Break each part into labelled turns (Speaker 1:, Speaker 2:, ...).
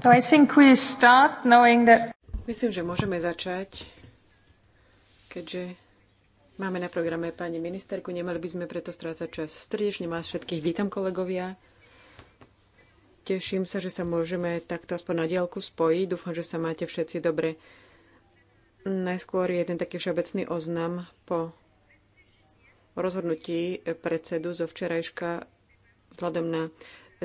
Speaker 1: So I think we start knowing that... Myslím, že môžeme
Speaker 2: začať, keďže máme na programe pani ministerku, nemali by sme preto strácať čas. Srdečne vás všetkých vítam, kolegovia. Teším sa, že sa môžeme takto aspoň na diálku spojiť. Dúfam, že sa máte všetci dobre. Najskôr je taký všeobecný oznam po rozhodnutí predsedu zo včerajška vzhľadom na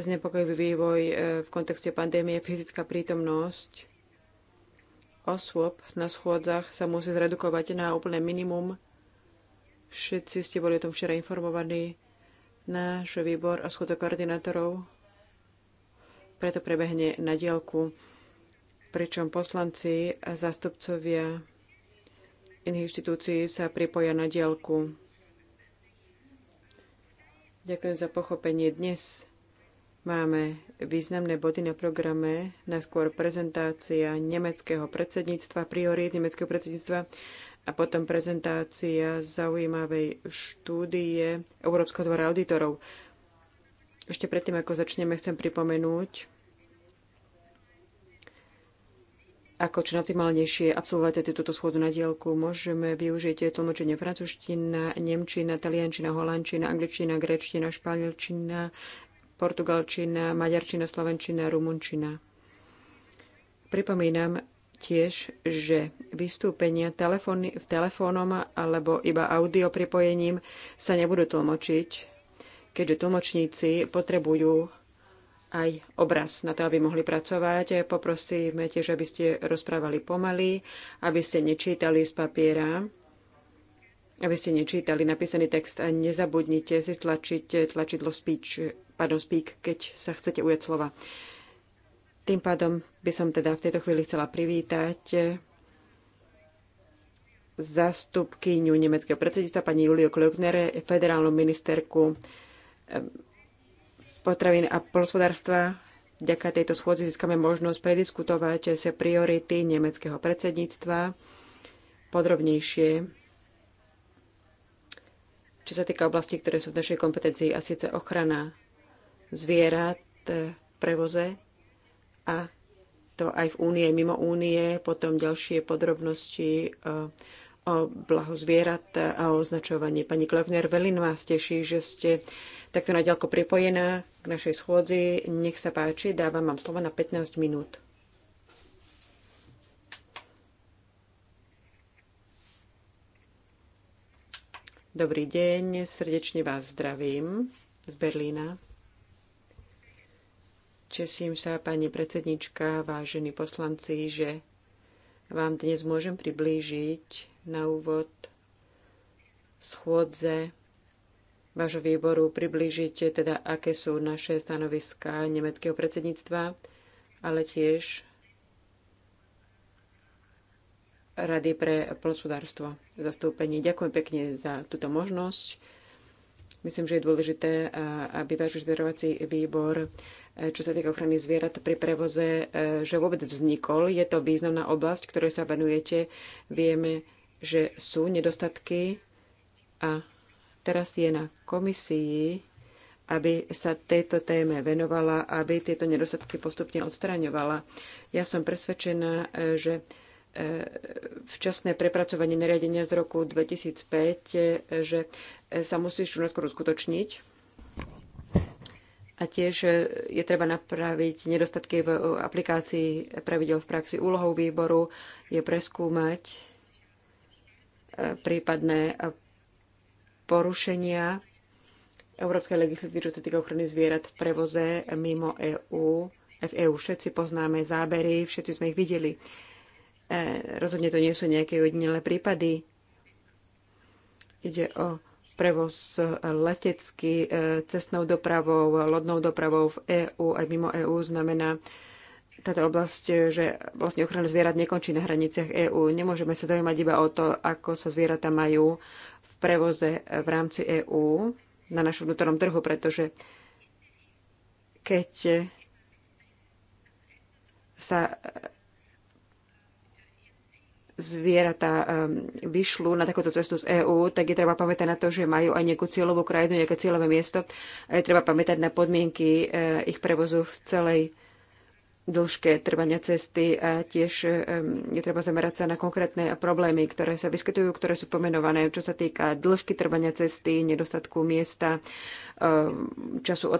Speaker 2: znepokojivý vývoj e, v kontexte pandémie, fyzická prítomnosť osôb na schôdzach sa musí zredukovať na úplné minimum. Všetci ste boli o tom včera informovaní. Náš výbor a schôdza koordinátorov preto prebehne na dielku, pričom poslanci a zástupcovia iných inštitúcií sa pripoja na dielku. Ďakujem za pochopenie dnes Máme významné body na programe, najskôr prezentácia nemeckého predsedníctva, priorít nemeckého predsedníctva a potom prezentácia zaujímavej štúdie Európskeho dvora auditorov. Ešte predtým, ako začneme, chcem pripomenúť, ako čo najoptimálnejšie absolvovať túto schôdu na dielku. Môžeme využiť tlmočenie francúzština, nemčina, taliančina, holandčina, angličtina, grečtina, španielčina, portugalčina, maďarčina, slovenčina, rumunčina. Pripomínam tiež, že vystúpenia v telefónom alebo iba audio pripojením sa nebudú tlmočiť, keďže tlmočníci potrebujú aj obraz na to, aby mohli pracovať. Poprosíme tiež, aby ste rozprávali pomaly, aby ste nečítali z papiera, aby ste nečítali napísaný text a nezabudnite si stlačiť tlačidlo speech pardon, speak, keď sa chcete ujať slova. Tým pádom by som teda v tejto chvíli chcela privítať zastupkyňu nemeckého predsedníctva pani Julio Klöckner, federálnu ministerku potravín a polospodárstva. Vďaka tejto schôdzi získame možnosť prediskutovať sa priority nemeckého predsedníctva podrobnejšie, čo sa týka oblasti, ktoré sú v našej kompetencii, a síce ochrana zvierat v prevoze a to aj v únie, mimo únie, potom ďalšie podrobnosti e, o blaho zvierat a o označovanie. Pani Klevner, veľmi vás teší, že ste takto naďalko pripojená k našej schôdzi. Nech sa páči, dávam vám slovo na 15 minút. Dobrý deň, srdečne vás zdravím z Berlína. Česím sa, pani predsednička, vážení poslanci, že vám dnes môžem priblížiť na úvod schôdze vášho výboru, priblížiť teda, aké sú naše stanoviská nemeckého predsedníctva, ale tiež Rady pre plnospodárstvo zastúpenie. Ďakujem pekne za túto možnosť. Myslím, že je dôležité, aby váš vyzorovací výbor E, čo sa týka ochrany zvierat pri prevoze, e, že vôbec vznikol. Je to významná oblasť, ktorej sa venujete. Vieme, že sú nedostatky a teraz je na komisii, aby sa tejto téme venovala, aby tieto nedostatky postupne odstraňovala. Ja som presvedčená, e, že včasné prepracovanie nariadenia z roku 2005, že sa musí čo najskôr uskutočniť a tiež e, je treba napraviť nedostatky v e, aplikácii pravidel v praxi. Úlohou výboru je preskúmať e, prípadné porušenia európskej legislatívy, čo sa týka ochrany zvierat v prevoze mimo EÚ. V EÚ všetci poznáme zábery, všetci sme ich videli. Rozhodne to nie sú nejaké jedinelé prípady. Ide o prevoz letecky, e, cestnou dopravou, lodnou dopravou v EÚ aj mimo EÚ znamená táto oblasť, že vlastne ochrana zvierat nekončí na hraniciach EÚ. Nemôžeme sa zaujímať iba o to, ako sa zvieratá majú v prevoze v rámci EÚ na našom vnútornom trhu, pretože keď sa zvieratá vyšľú na takúto cestu z EÚ, tak je treba pamätať na to, že majú aj nejakú cieľovú krajinu, nejaké cieľové miesto. A je treba pamätať na podmienky e, ich prevozu v celej dĺžke trvania cesty a tiež je treba zamerať sa na konkrétne problémy, ktoré sa vyskytujú, ktoré sú pomenované, čo sa týka dĺžky trvania cesty, nedostatku miesta, času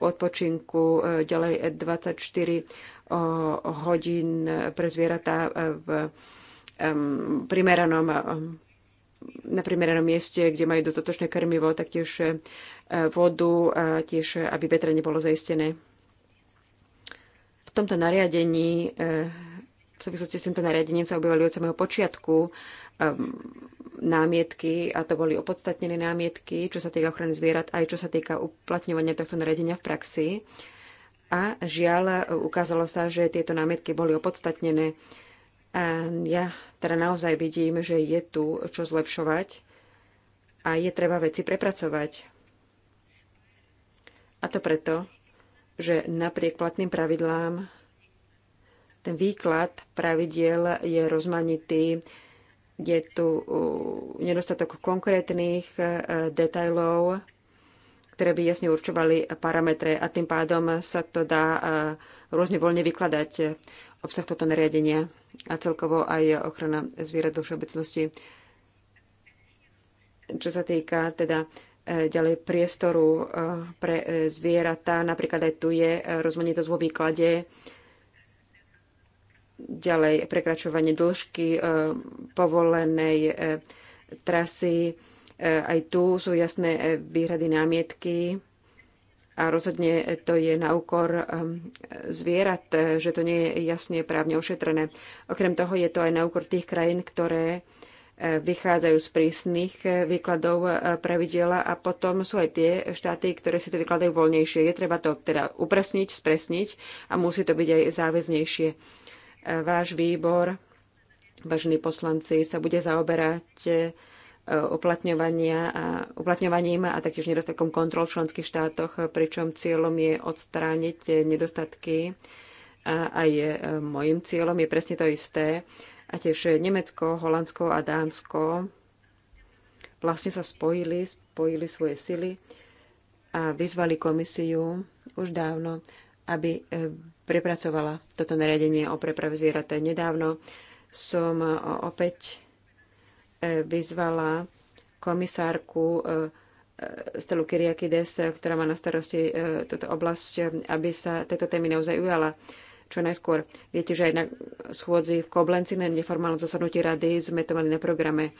Speaker 2: odpočinku, e, ďalej 24 e hodín pre zvieratá v primeranom na primeranom mieste, kde majú dostatočné krmivo, taktiež e, vodu, tiež aby vetra nebolo zaistené. V tomto nariadení, e, v súvislosti s týmto nariadením sa objavili od samého počiatku námietky, a to boli opodstatnené námietky, čo sa týka ochrany zvierat, aj čo sa týka uplatňovania tohto nariadenia v praxi. A žiaľ, ukázalo sa, že tieto námietky boli opodstatnené. A ja teda naozaj vidím, že je tu čo zlepšovať a je treba veci prepracovať. A to preto, že napriek platným pravidlám ten výklad pravidiel je rozmanitý, je tu uh, nedostatok konkrétnych uh, detajlov, ktoré by jasne určovali parametre a tým pádom sa to dá uh, rôzne voľne vykladať obsah tohto nariadenia a celkovo aj ochrana zvierat vo všeobecnosti. Čo sa týka teda e, ďalej priestoru e, pre e, zvieratá, napríklad aj tu je rozmanitosť vo výklade, ďalej prekračovanie dĺžky povolenej trasy, aj tu sú jasné výhrady, námietky. A rozhodne to je na úkor um, zvierat, že to nie je jasne právne ošetrené. Okrem toho je to aj na úkor tých krajín, ktoré eh, vychádzajú z prísnych eh, výkladov eh, pravidel a potom sú aj tie štáty, ktoré si to vykladajú voľnejšie. Je treba to teda upresniť, spresniť a musí to byť aj záväznejšie. Váš výbor, vážení poslanci, sa bude zaoberať uplatňovania a uplatňovaním a taktiež nedostatkom kontrol v členských štátoch, pričom cieľom je odstrániť nedostatky. A aj e, mojim cieľom je presne to isté. A tiež Nemecko, Holandsko a Dánsko vlastne sa spojili, spojili svoje sily a vyzvali komisiu už dávno, aby e, prepracovala toto nariadenie o preprave zvieraté. Nedávno som e, opäť E, vyzvala komisárku e, e, Stelu Kyriakides, ktorá má na starosti túto oblasť, aby sa tejto témy naozaj ujala čo najskôr. Viete, že aj na schôdzi v Koblenci na neformálnom zasadnutí rady sme to mali na programe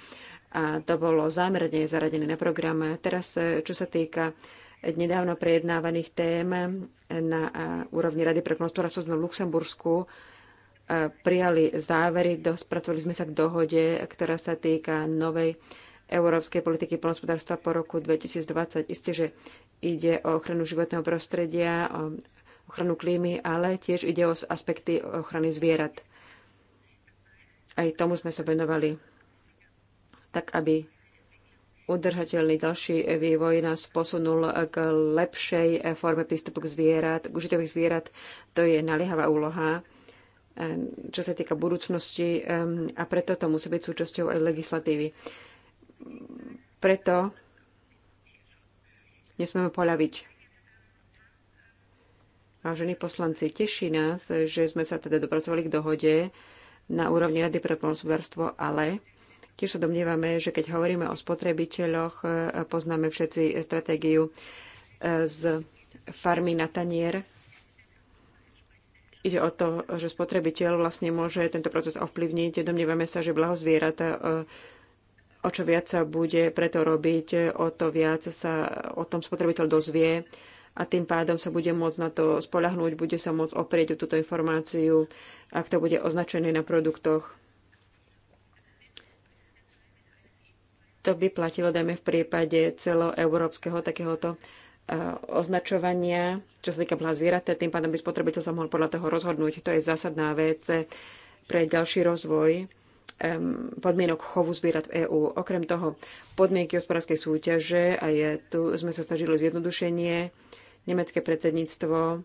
Speaker 2: a to bolo zámerne zaradené na program. Teraz, čo sa týka nedávno prejednávaných tém na úrovni Rady pre hospodárstvo v Luxembursku, prijali závery, spracovali sme sa k dohode, ktorá sa týka novej európskej politiky polnospodárstva po roku 2020. Isté, že ide o ochranu životného prostredia, o ochranu klímy, ale tiež ide o aspekty ochrany zvierat. Aj tomu sme sa venovali tak, aby udržateľný ďalší vývoj nás posunul k lepšej forme prístupu k zvierat, k užitových zvierat. To je naliehavá úloha čo sa týka budúcnosti a preto to musí byť súčasťou aj legislatívy. Preto nesmieme poľaviť. Vážení poslanci, teší nás, že sme sa teda dopracovali k dohode na úrovni Rady pre poľnohospodárstvo, ale tiež sa domnievame, že keď hovoríme o spotrebiteľoch, e, poznáme všetci stratégiu e, z farmy na tanier Ide o to, že spotrebiteľ vlastne môže tento proces ovplyvniť. Domnievame sa, že blaho zvieratá e, o čo viac sa bude preto robiť, o to viac sa o tom spotrebiteľ dozvie a tým pádom sa bude môcť na to spolahnúť, bude sa môcť oprieť o túto informáciu, ak to bude označené na produktoch. To by platilo, dajme, v prípade celoeurópskeho takéhoto Eh, označovania, čo sa týka blaha zvieratá, tým pádom by spotrebiteľ sa mohol podľa toho rozhodnúť. To je zásadná vec eh, pre ďalší rozvoj eh, podmienok chovu zvierat v EÚ. Okrem toho, podmienky hospodárskej súťaže, a je, tu sme sa snažili zjednodušenie, nemecké predsedníctvo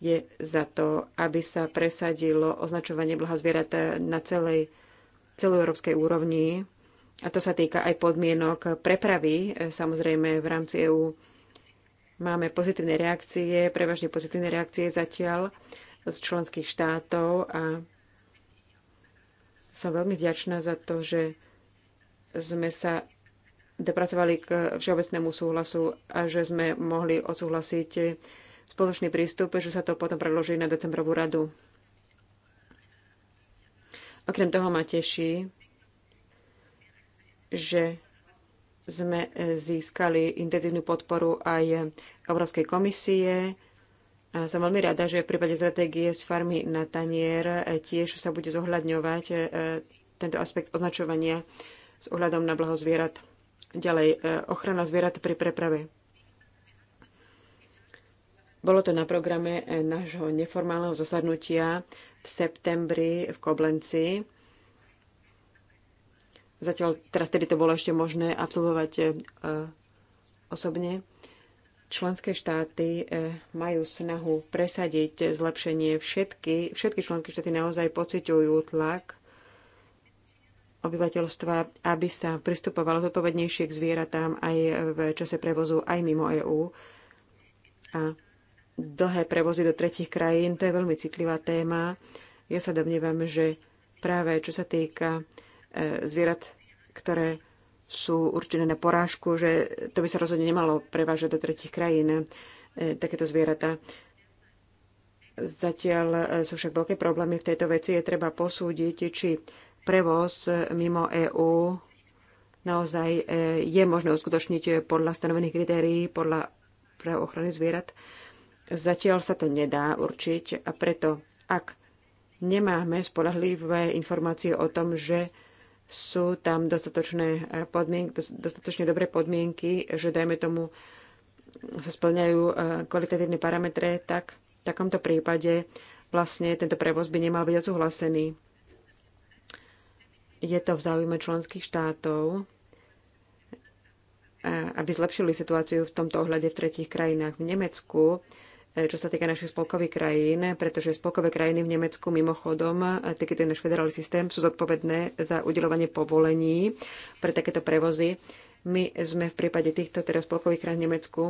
Speaker 2: je za to, aby sa presadilo označovanie blaha zvierat na celej celoeurópskej úrovni a to sa týka aj podmienok prepravy, e, samozrejme v rámci EÚ. Máme pozitívne reakcie, prevažne pozitívne reakcie zatiaľ z členských štátov a som veľmi vďačná za to, že sme sa dopracovali k všeobecnému súhlasu a že sme mohli odsúhlasiť spoločný prístup, že sa to potom predloží na decembrovú radu. Okrem toho ma teší, že sme e, získali intenzívnu podporu aj Európskej komisie. A som veľmi rada, že v prípade stratégie z farmy na tanier e, tiež sa bude zohľadňovať e, tento aspekt označovania s ohľadom na blaho zvierat. Ďalej, ochrana zvierat pri preprave. Bolo to na programe nášho neformálneho zasadnutia v septembri v Koblenci Zatiaľ, teda vtedy to bolo ešte možné absolvovať e, osobne. Členské štáty e, majú snahu presadiť zlepšenie. Všetky, všetky členské štáty naozaj pociťujú tlak obyvateľstva, aby sa pristupovalo zodpovednejšie k zvieratám aj v čase prevozu, aj mimo EÚ. A dlhé prevozy do tretich krajín, to je veľmi citlivá téma. Ja sa domnievam, že práve čo sa týka E, zvierat, ktoré sú určené na porážku, že to by sa rozhodne nemalo prevážať do tretich krajín e, takéto zvieratá. Zatiaľ e, sú však veľké problémy v tejto veci. Je treba posúdiť, či prevoz mimo EÚ naozaj je možné uskutočniť podľa stanovených kritérií, podľa práv ochrany zvierat. Zatiaľ sa to nedá určiť a preto, ak nemáme spolahlivé informácie o tom, že sú tam dostatočné eh, podmienky, dostatočne dobré podmienky, že dajme tomu sa splňajú eh, kvalitatívne parametre, tak v takomto prípade vlastne tento prevoz by nemal byť odsúhlasený. Je to v záujme členských štátov, eh, aby zlepšili situáciu v tomto ohľade v tretich krajinách. V Nemecku E, čo sa týka našich spolkových krajín, pretože spolkové krajiny v Nemecku mimochodom, takýto je náš federálny systém, sú zodpovedné za udelovanie povolení pre takéto prevozy. My sme v prípade týchto teda spolkových krajín v Nemecku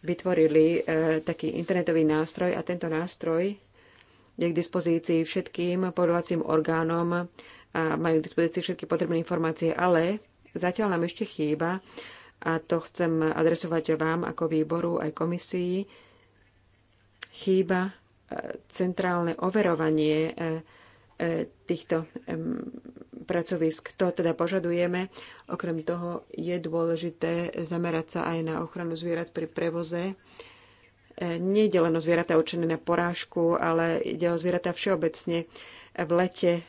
Speaker 2: vytvorili e, taký internetový nástroj a tento nástroj je k dispozícii všetkým povolovacím orgánom a majú k dispozícii všetky potrebné informácie, ale zatiaľ nám ešte chýba a to chcem adresovať vám ako výboru aj komisii, chýba e, centrálne overovanie e, e, týchto pracovisk. To teda požadujeme. Okrem toho je dôležité zamerať sa aj na ochranu zvierat pri prevoze. je len o zvieratá určené na porážku, ale ide o zvieratá všeobecne. V lete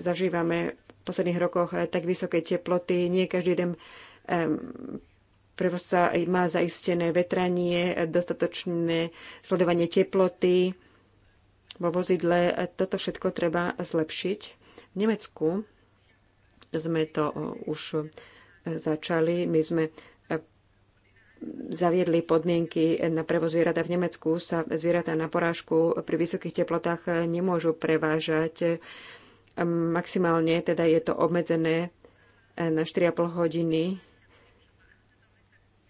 Speaker 2: zažívame v posledných rokoch tak vysoké teploty. Nie každý jeden sa má zaistené vetranie, dostatočné sledovanie teploty vo vozidle. Toto všetko treba zlepšiť. V Nemecku sme to e, už e, začali. My sme e, zaviedli podmienky na prevoz zvierata v Nemecku, sa zvieratá na porážku pri vysokých teplotách nemôžu prevážať. Maximálne teda je to obmedzené na 4,5 hodiny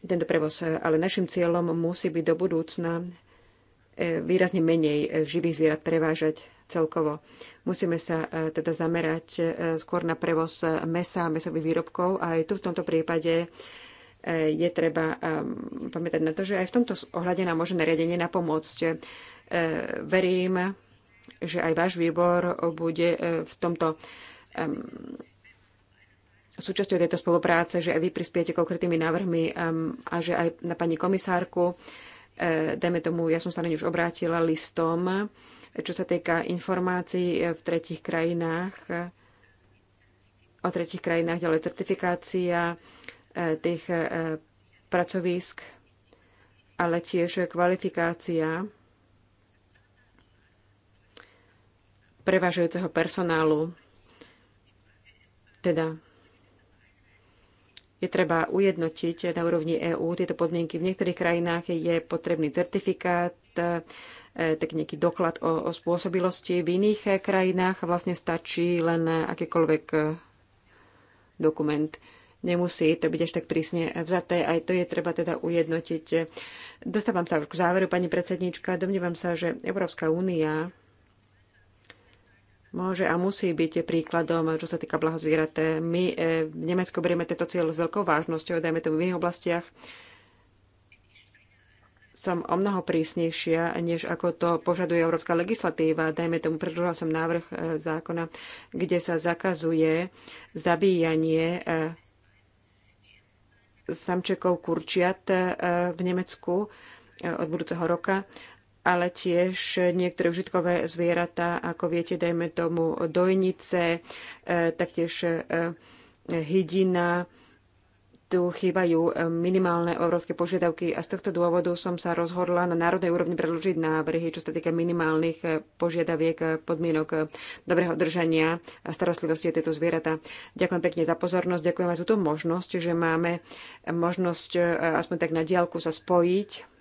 Speaker 2: tento prevoz. E, ale našim cieľom musí byť do budúcna e, výrazne menej e, živých zvierat prevážať celkovo. Musíme sa teda zamerať skôr na prevoz mesa a mesových výrobkov. A Aj tu v tomto prípade je treba pamätať na to, že aj v tomto ohľade nám môže nariadenie napomôcť. Verím, že aj váš výbor bude v tomto súčasťou tejto spolupráce, že aj vy prispiete konkrétnymi návrhmi um, a že aj na pani komisárku, uh, dajme tomu, ja som sa na ňu už obrátila listom, čo sa týka informácií uh, v tretich krajinách, uh, o tretich krajinách, ďalej certifikácia tých pracovísk, ale tiež kvalifikácia prevažujúceho personálu. Teda je treba ujednotiť na úrovni EÚ tieto podmienky. V niektorých krajinách je potrebný certifikát, e, tak nejaký doklad o, o spôsobilosti. V iných krajinách vlastne stačí len akýkoľvek e, dokument nemusí to byť až tak prísne vzaté. Aj to je treba teda ujednotiť. Dostávam sa už k záveru, pani predsednička. Domnívam sa, že Európska únia môže a musí byť príkladom, čo sa týka blahozvieraté. My e, v Nemecku berieme tento cieľ s veľkou vážnosťou, dajme tomu v iných oblastiach. Som o mnoho prísnejšia, než ako to požaduje európska legislatíva. Dajme tomu, predložila som návrh e, zákona, kde sa zakazuje zabíjanie e, samčekov kurčiat v Nemecku od budúceho roka ale tiež niektoré užitkové zvieratá, ako viete, dajme tomu dojnice, e, taktiež e, hydina. Tu chýbajú e, minimálne európske požiadavky a z tohto dôvodu som sa rozhodla na národnej úrovni predložiť návrhy, čo sa týka minimálnych požiadaviek, podmienok dobrého držania a starostlivosti tieto zvieratá. Ďakujem pekne za pozornosť, ďakujem aj za túto možnosť, že máme možnosť aspoň tak na diálku sa spojiť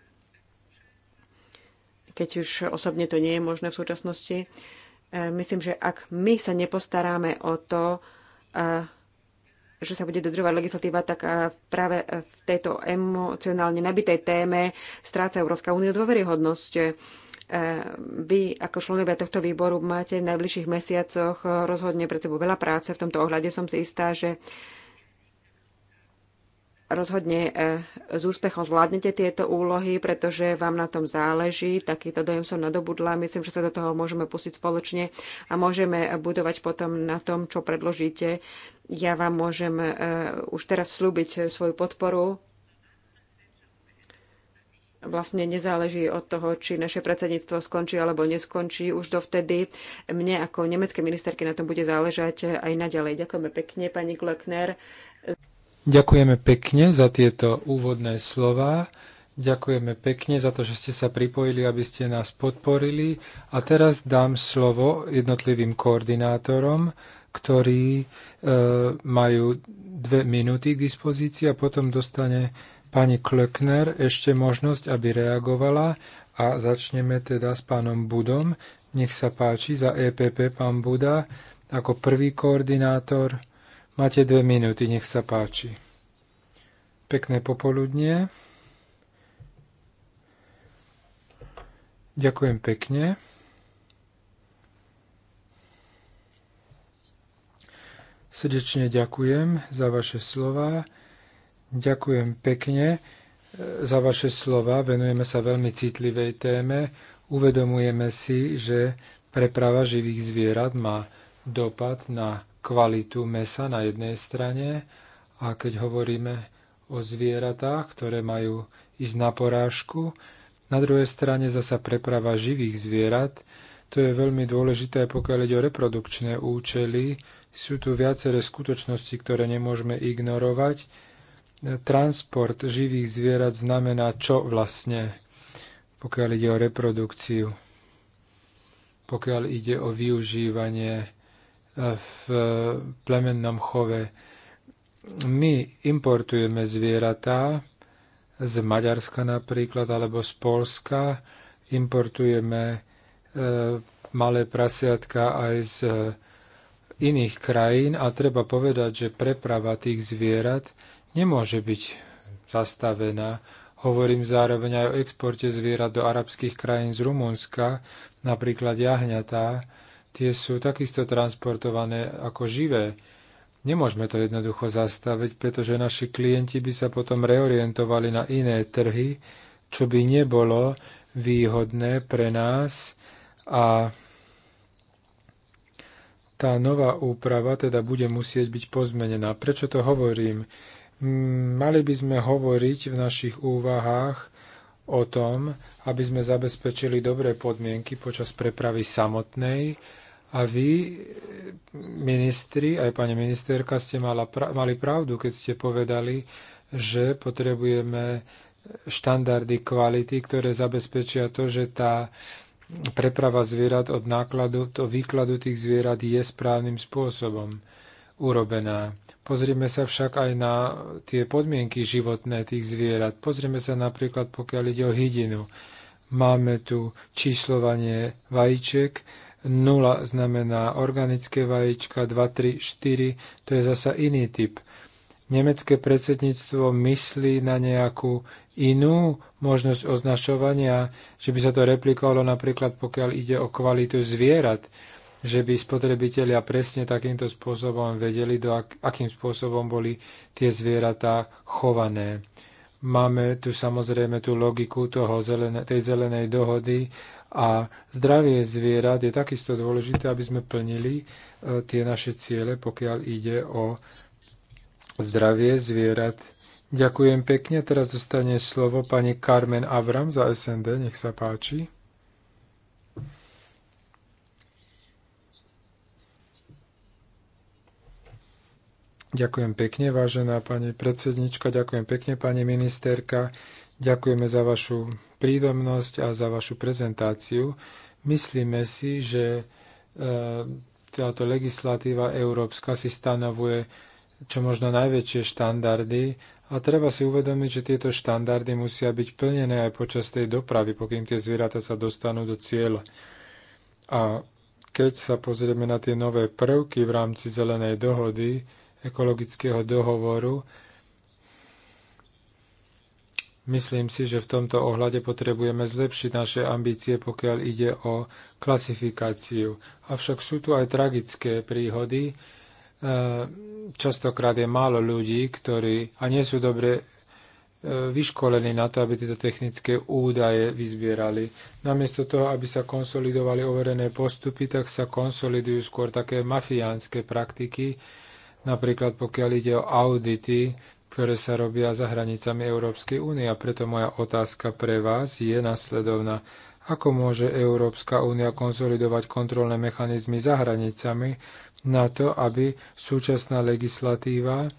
Speaker 2: keď už osobne to nie je možné v súčasnosti. E, myslím, že ak my sa nepostaráme o to, e, že sa bude dodržovať legislatíva, tak e, práve v tejto emocionálne nabitej téme stráca Európska únia dôveryhodnosť. Vy ako členovia tohto výboru máte v najbližších mesiacoch rozhodne pred sebou veľa práce. V tomto ohľade som si istá, že rozhodne e, s úspechom zvládnete tieto úlohy, pretože vám na tom záleží. Takýto dojem som nadobudla. Myslím, že sa do toho môžeme pustiť spoločne a môžeme budovať potom na tom, čo predložíte. Ja vám môžem e, už teraz slúbiť svoju podporu. Vlastne nezáleží od toho, či naše predsedníctvo skončí alebo neskončí. Už dovtedy mne ako nemecké ministerky na tom bude záležať aj naďalej. Ďakujeme pekne, pani Glöckner.
Speaker 1: Ďakujeme pekne za tieto úvodné slova. Ďakujeme pekne za to, že ste sa pripojili, aby ste nás podporili. A teraz dám slovo jednotlivým koordinátorom, ktorí e, majú dve minúty k dispozícii a potom dostane pani Klöckner ešte možnosť, aby reagovala. A začneme teda s pánom Budom. Nech sa páči za EPP pán Buda ako prvý koordinátor Máte dve minúty, nech sa páči. Pekné popoludnie. Ďakujem pekne. Srdečne ďakujem za vaše slova. Ďakujem pekne e, za vaše slova. Venujeme sa veľmi citlivej téme. Uvedomujeme si, že preprava živých zvierat má dopad na kvalitu mesa na jednej strane a keď hovoríme o zvieratách, ktoré majú ísť na porážku, na druhej strane zasa preprava živých zvierat, to je veľmi dôležité, pokiaľ ide o reprodukčné účely. Sú tu viaceré skutočnosti, ktoré nemôžeme ignorovať. Transport živých zvierat znamená čo vlastne, pokiaľ ide o reprodukciu, pokiaľ ide o využívanie v eh, plemennom chove. My importujeme zvieratá z Maďarska napríklad alebo z Polska, importujeme eh, malé prasiatka aj z eh, iných krajín a treba povedať, že preprava tých zvierat nemôže byť zastavená. Hovorím zároveň aj o exporte zvierat do arabských krajín z Rumunska, napríklad jahňatá, tie sú takisto transportované ako živé. Nemôžeme to jednoducho zastaviť, pretože naši klienti by sa potom reorientovali na iné trhy, čo by nebolo výhodné pre nás a tá nová úprava teda bude musieť byť pozmenená. Prečo to hovorím? Mali by sme hovoriť v našich úvahách o tom, aby sme zabezpečili dobré podmienky počas prepravy samotnej, a vy, ministri, aj pani ministerka, ste mala, mali pravdu, keď ste povedali, že potrebujeme štandardy kvality, ktoré zabezpečia to, že tá preprava zvierat od nákladu, to výkladu tých zvierat je správnym spôsobom urobená. Pozrieme sa však aj na tie podmienky životné tých zvierat. Pozrieme sa napríklad, pokiaľ ide o hydinu. Máme tu číslovanie vajíček, 0 znamená organické vajíčka, 2, 3, 4, to je zasa iný typ. Nemecké predsedníctvo myslí na nejakú inú možnosť označovania, že by sa to replikovalo napríklad pokiaľ ide o kvalitu zvierat, že by spotrebitelia presne takýmto spôsobom vedeli, do ak- akým spôsobom boli tie zvieratá chované. Máme tu samozrejme tú logiku toho zelené, tej zelenej dohody a zdravie zvierat je takisto dôležité, aby sme plnili e, tie naše ciele, pokiaľ ide o zdravie zvierat. Ďakujem pekne. Teraz dostane slovo pani Carmen Avram za SND. Nech sa páči. Ďakujem pekne, vážená pani predsednička, ďakujem pekne, pani ministerka. Ďakujeme za vašu prídomnosť a za vašu prezentáciu. Myslíme si, že e, táto legislatíva európska si stanovuje čo možno najväčšie štandardy a treba si uvedomiť, že tieto štandardy musia byť plnené aj počas tej dopravy, pokým tie zvieratá sa dostanú do cieľa. A keď sa pozrieme na tie nové prvky v rámci zelenej dohody, ekologického dohovoru, Myslím si, že v tomto ohľade potrebujeme zlepšiť naše ambície, pokiaľ ide o klasifikáciu. Avšak sú tu aj tragické príhody. E, častokrát je málo ľudí, ktorí a nie sú dobre e, vyškolení na to, aby tieto technické údaje vyzbierali. Namiesto toho, aby sa konsolidovali overené postupy, tak sa konsolidujú skôr také mafiánske praktiky, napríklad pokiaľ ide o audity ktoré sa robia za hranicami Európskej únie. A preto moja otázka pre vás je nasledovná. Ako môže Európska únia konsolidovať kontrolné mechanizmy za hranicami na to, aby súčasná legislatíva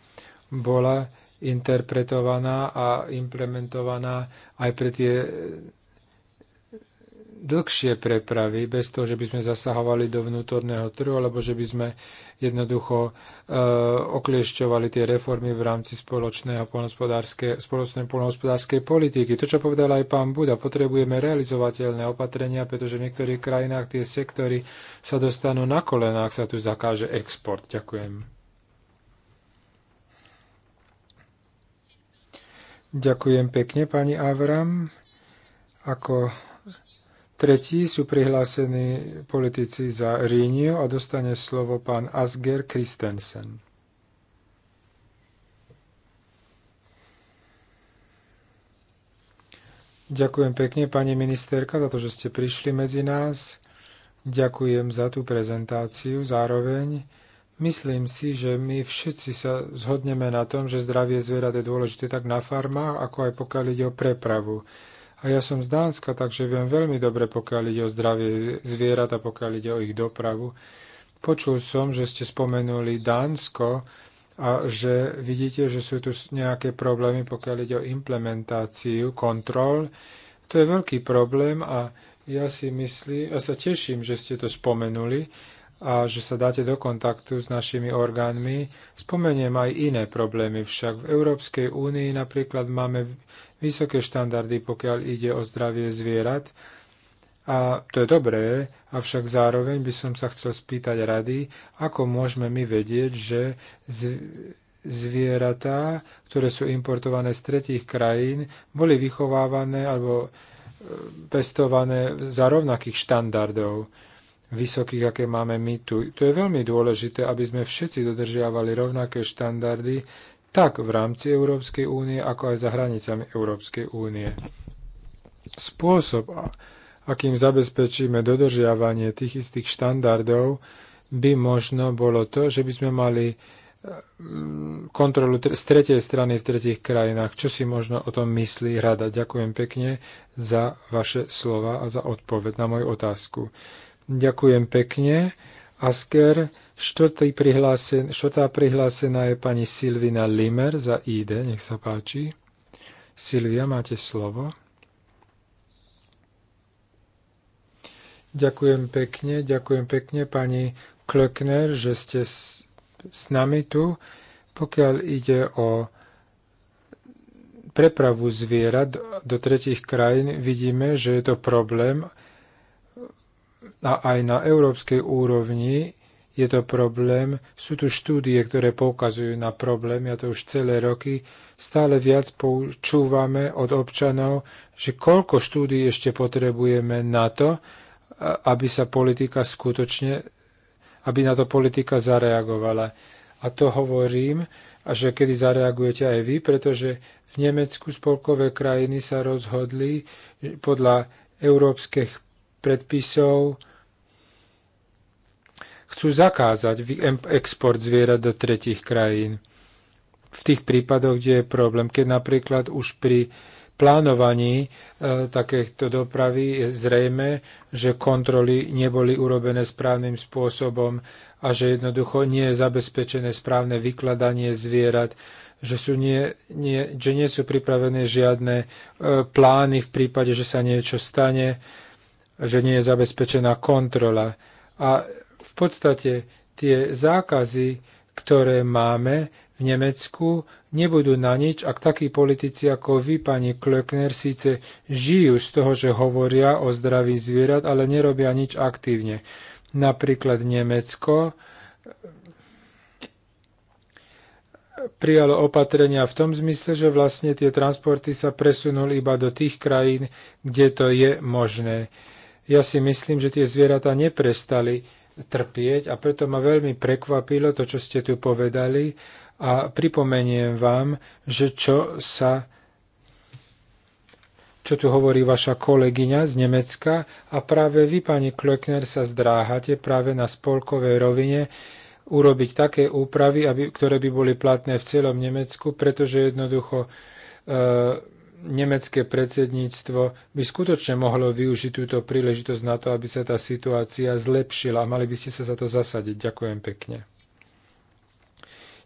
Speaker 1: bola interpretovaná a implementovaná aj pre tie dlhšie prepravy, bez toho, že by sme zasahovali do vnútorného trhu, alebo že by sme jednoducho e, okliešťovali tie reformy v rámci spoločného spoločnej polnohospodárskej politiky. To, čo povedal aj pán Buda, potrebujeme realizovateľné opatrenia, pretože v niektorých krajinách tie sektory sa dostanú na kolená, ak sa tu zakáže export. Ďakujem. Ďakujem pekne, pani Avram. Ako Tretí sú prihlásení politici za Ríniu a dostane slovo pán Asger Christensen. Ďakujem pekne, pani ministerka, za to, že ste prišli medzi nás. Ďakujem za tú prezentáciu zároveň. Myslím si, že my všetci sa zhodneme na tom, že zdravie zvierat je dôležité tak na farmách, ako aj pokiaľ ide o prepravu. A ja som z Dánska, takže viem veľmi dobre, pokiaľ ide o zdravie zvierat a pokiaľ ide o ich dopravu. Počul som, že ste spomenuli Dánsko a že vidíte, že sú tu nejaké problémy, pokiaľ ide o implementáciu kontrol. To je veľký problém a ja si myslím, ja sa teším, že ste to spomenuli a že sa dáte do kontaktu s našimi orgánmi. Spomeniem aj iné problémy však. V Európskej únii napríklad máme vysoké štandardy, pokiaľ ide o zdravie zvierat. A to je dobré, avšak zároveň by som sa chcel spýtať rady, ako môžeme my vedieť, že zvieratá, ktoré sú importované z tretích krajín, boli vychovávané alebo e, pestované za rovnakých štandardov vysokých, aké máme my tu. To je veľmi dôležité, aby sme všetci dodržiavali rovnaké štandardy, tak v rámci Európskej únie, ako aj za hranicami Európskej únie. Spôsob, akým zabezpečíme dodržiavanie tých istých štandardov, by možno bolo to, že by sme mali e, kontrolu z tretej strany v tretich krajinách. Čo si možno o tom myslí rada? Ďakujem pekne za vaše slova a za odpoveď na moju otázku. Ďakujem pekne. Asker, prihlásen, štvrtá prihlásená je pani Silvina Limer za ID. Nech sa páči. Silvia, máte slovo. Ďakujem pekne, ďakujem pekne pani Klöckner, že ste s, s nami tu. Pokiaľ ide o prepravu zvierat do tretich krajín, vidíme, že je to problém a aj na európskej úrovni je to problém. Sú tu štúdie, ktoré poukazujú na problém, ja to už celé roky stále viac počúvame od občanov, že koľko štúdí ešte potrebujeme na to, aby sa politika skutočne, aby na to politika zareagovala. A to hovorím, a že kedy zareagujete aj vy, pretože v Nemecku spolkové krajiny sa rozhodli podľa európskych predpisov chcú zakázať export zvierat do tretich krajín. V tých prípadoch, kde je problém, keď napríklad už pri plánovaní e, takéto dopravy je zrejme, že kontroly neboli urobené správnym spôsobom a že jednoducho nie je zabezpečené správne vykladanie zvierat, že, sú nie, nie, že nie sú pripravené žiadne e, plány v prípade, že sa niečo stane že nie je zabezpečená kontrola. A v podstate tie zákazy, ktoré máme v Nemecku, nebudú na nič, ak takí politici ako vy, pani Klöckner, síce žijú z toho, že hovoria o zdraví zvierat, ale nerobia nič aktívne. Napríklad Nemecko prijalo opatrenia v tom zmysle, že vlastne tie transporty sa presunuli iba do tých krajín, kde to je možné. Ja si myslím, že tie zvieratá neprestali trpieť a preto ma veľmi prekvapilo to, čo ste tu povedali a pripomeniem vám, že čo sa čo tu hovorí vaša kolegyňa z Nemecka a práve vy, pani Klöckner, sa zdráhate práve na spolkovej rovine urobiť také úpravy, aby, ktoré by boli platné v celom Nemecku, pretože jednoducho e, nemecké predsedníctvo by skutočne mohlo využiť túto príležitosť na to, aby sa tá situácia zlepšila. Mali by ste sa za to zasadiť. Ďakujem pekne.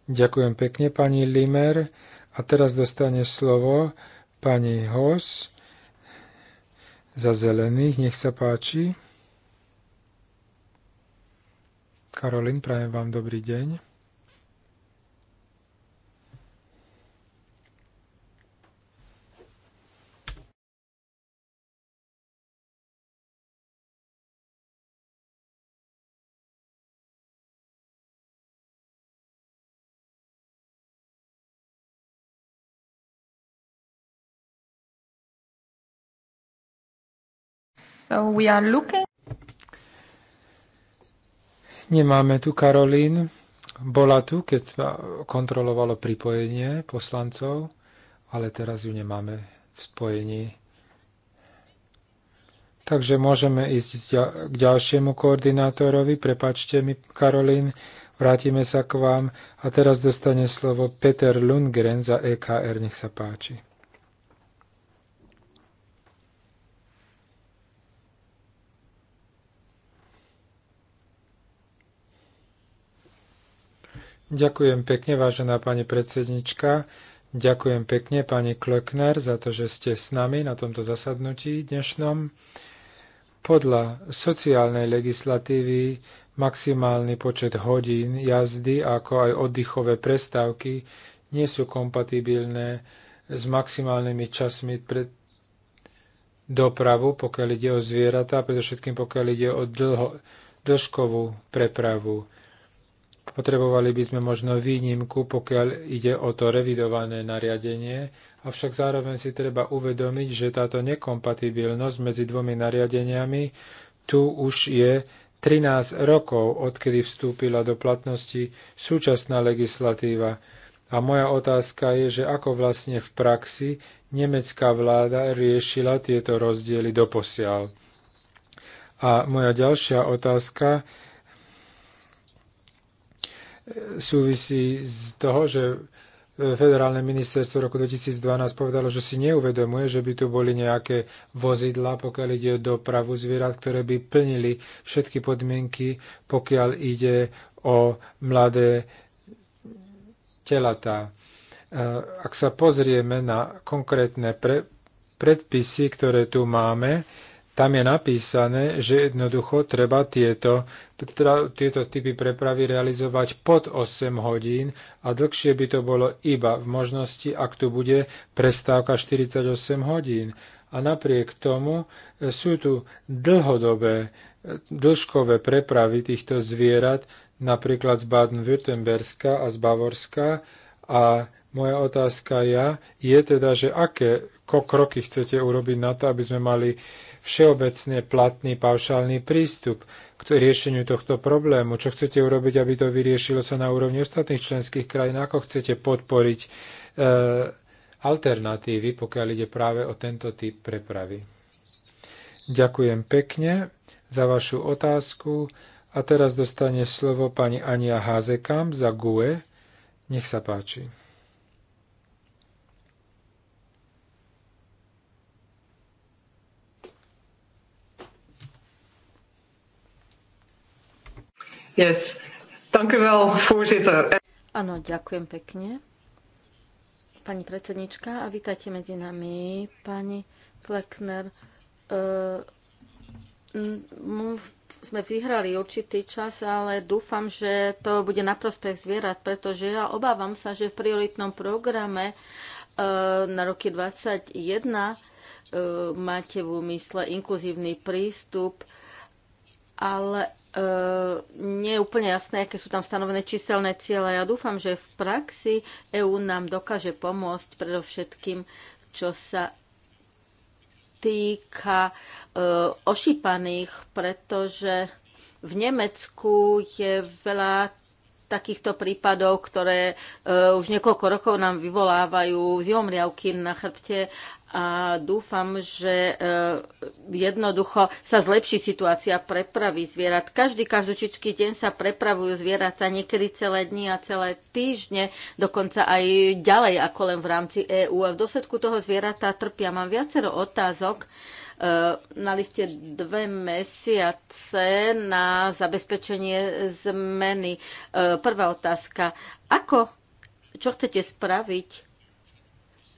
Speaker 1: Ďakujem pekne, pani Limer. A teraz dostane slovo pani Hos za zelených. Nech sa páči. Karolín, prajem vám dobrý deň. So we are looking... Nemáme tu Karolín. Bola tu, keď sa kontrolovalo pripojenie poslancov, ale teraz ju nemáme v spojení. Takže môžeme ísť k ďalšiemu koordinátorovi. Prepačte mi, Karolín, vrátime sa k vám. A teraz dostane slovo Peter Lundgren za EKR. Nech sa páči. Ďakujem pekne, vážená pani predsednička. Ďakujem pekne, pani Klöckner, za to, že ste s nami na tomto zasadnutí dnešnom. Podľa sociálnej legislatívy maximálny počet hodín jazdy, ako aj oddychové prestávky, nie sú kompatibilné s maximálnymi časmi pre dopravu, pokiaľ ide o zvieratá, predovšetkým pokiaľ ide o dlho, dĺžkovú prepravu. Potrebovali by sme možno výnimku, pokiaľ ide o to revidované nariadenie, avšak zároveň si treba uvedomiť, že táto nekompatibilnosť medzi dvomi nariadeniami tu už je 13 rokov, odkedy vstúpila do platnosti súčasná legislatíva. A moja otázka je, že ako vlastne v praxi nemecká vláda riešila tieto rozdiely doposiaľ. A moja ďalšia otázka je, súvisí z toho, že e, federálne ministerstvo roku 2012 povedalo, že si neuvedomuje, že by tu boli nejaké vozidla, pokiaľ ide o dopravu zvierat, ktoré by plnili všetky podmienky, pokiaľ ide o mladé telatá. E, ak sa pozrieme na konkrétne pre, predpisy, ktoré tu máme, tam je napísané, že jednoducho treba tieto, tra, teda tieto typy prepravy realizovať pod 8 hodín a dlhšie by to bolo iba v možnosti, ak tu bude prestávka 48 hodín. A napriek tomu e, sú tu dlhodobé, e, dlžkové prepravy týchto zvierat, napríklad z Baden-Württemberska a z Bavorska. A moja otázka ja je teda, že aké kroky chcete urobiť na to, aby sme mali uh, všeobecne platný paušálny prístup k riešeniu tohto problému. Čo chcete urobiť, aby to vyriešilo sa na úrovni ostatných členských krajín? Ako chcete podporiť e, alternatívy, pokiaľ ide práve o tento typ prepravy? Ďakujem pekne za vašu otázku. A teraz dostane slovo pani Ania Házekamp za GUE. Nech sa páči. Yes. Dank u wel, voorzitter.
Speaker 3: Áno, ďakujem pekne. Pani predsednička, a vítajte medzi nami, pani Kleckner. Uh, ehm, sme vyhrali určitý čas, ale dúfam, že to bude na prospech zvierat, pretože ja obávam sa, že v prioritnom programe ehm, na roky 2021 ehm, máte v úmysle inkluzívny prístup ale e, nie je úplne jasné, aké sú tam stanovené číselné ciele. Ja dúfam, že v praxi EÚ nám dokáže pomôcť predovšetkým, čo sa týka e, ošípaných, pretože v Nemecku je veľa takýchto prípadov, ktoré e, už niekoľko rokov nám vyvolávajú zimomriavky na chrbte a dúfam, že e, jednoducho sa zlepší situácia prepravy zvierat. Každý každúčičký deň sa prepravujú zvieratá, niekedy celé dni a celé týždne, dokonca aj ďalej ako len v rámci EÚ. A v dôsledku toho zvieratá trpia. Mám viacero otázok e, na liste dve mesiace na zabezpečenie zmeny. E, prvá otázka. Ako, čo chcete spraviť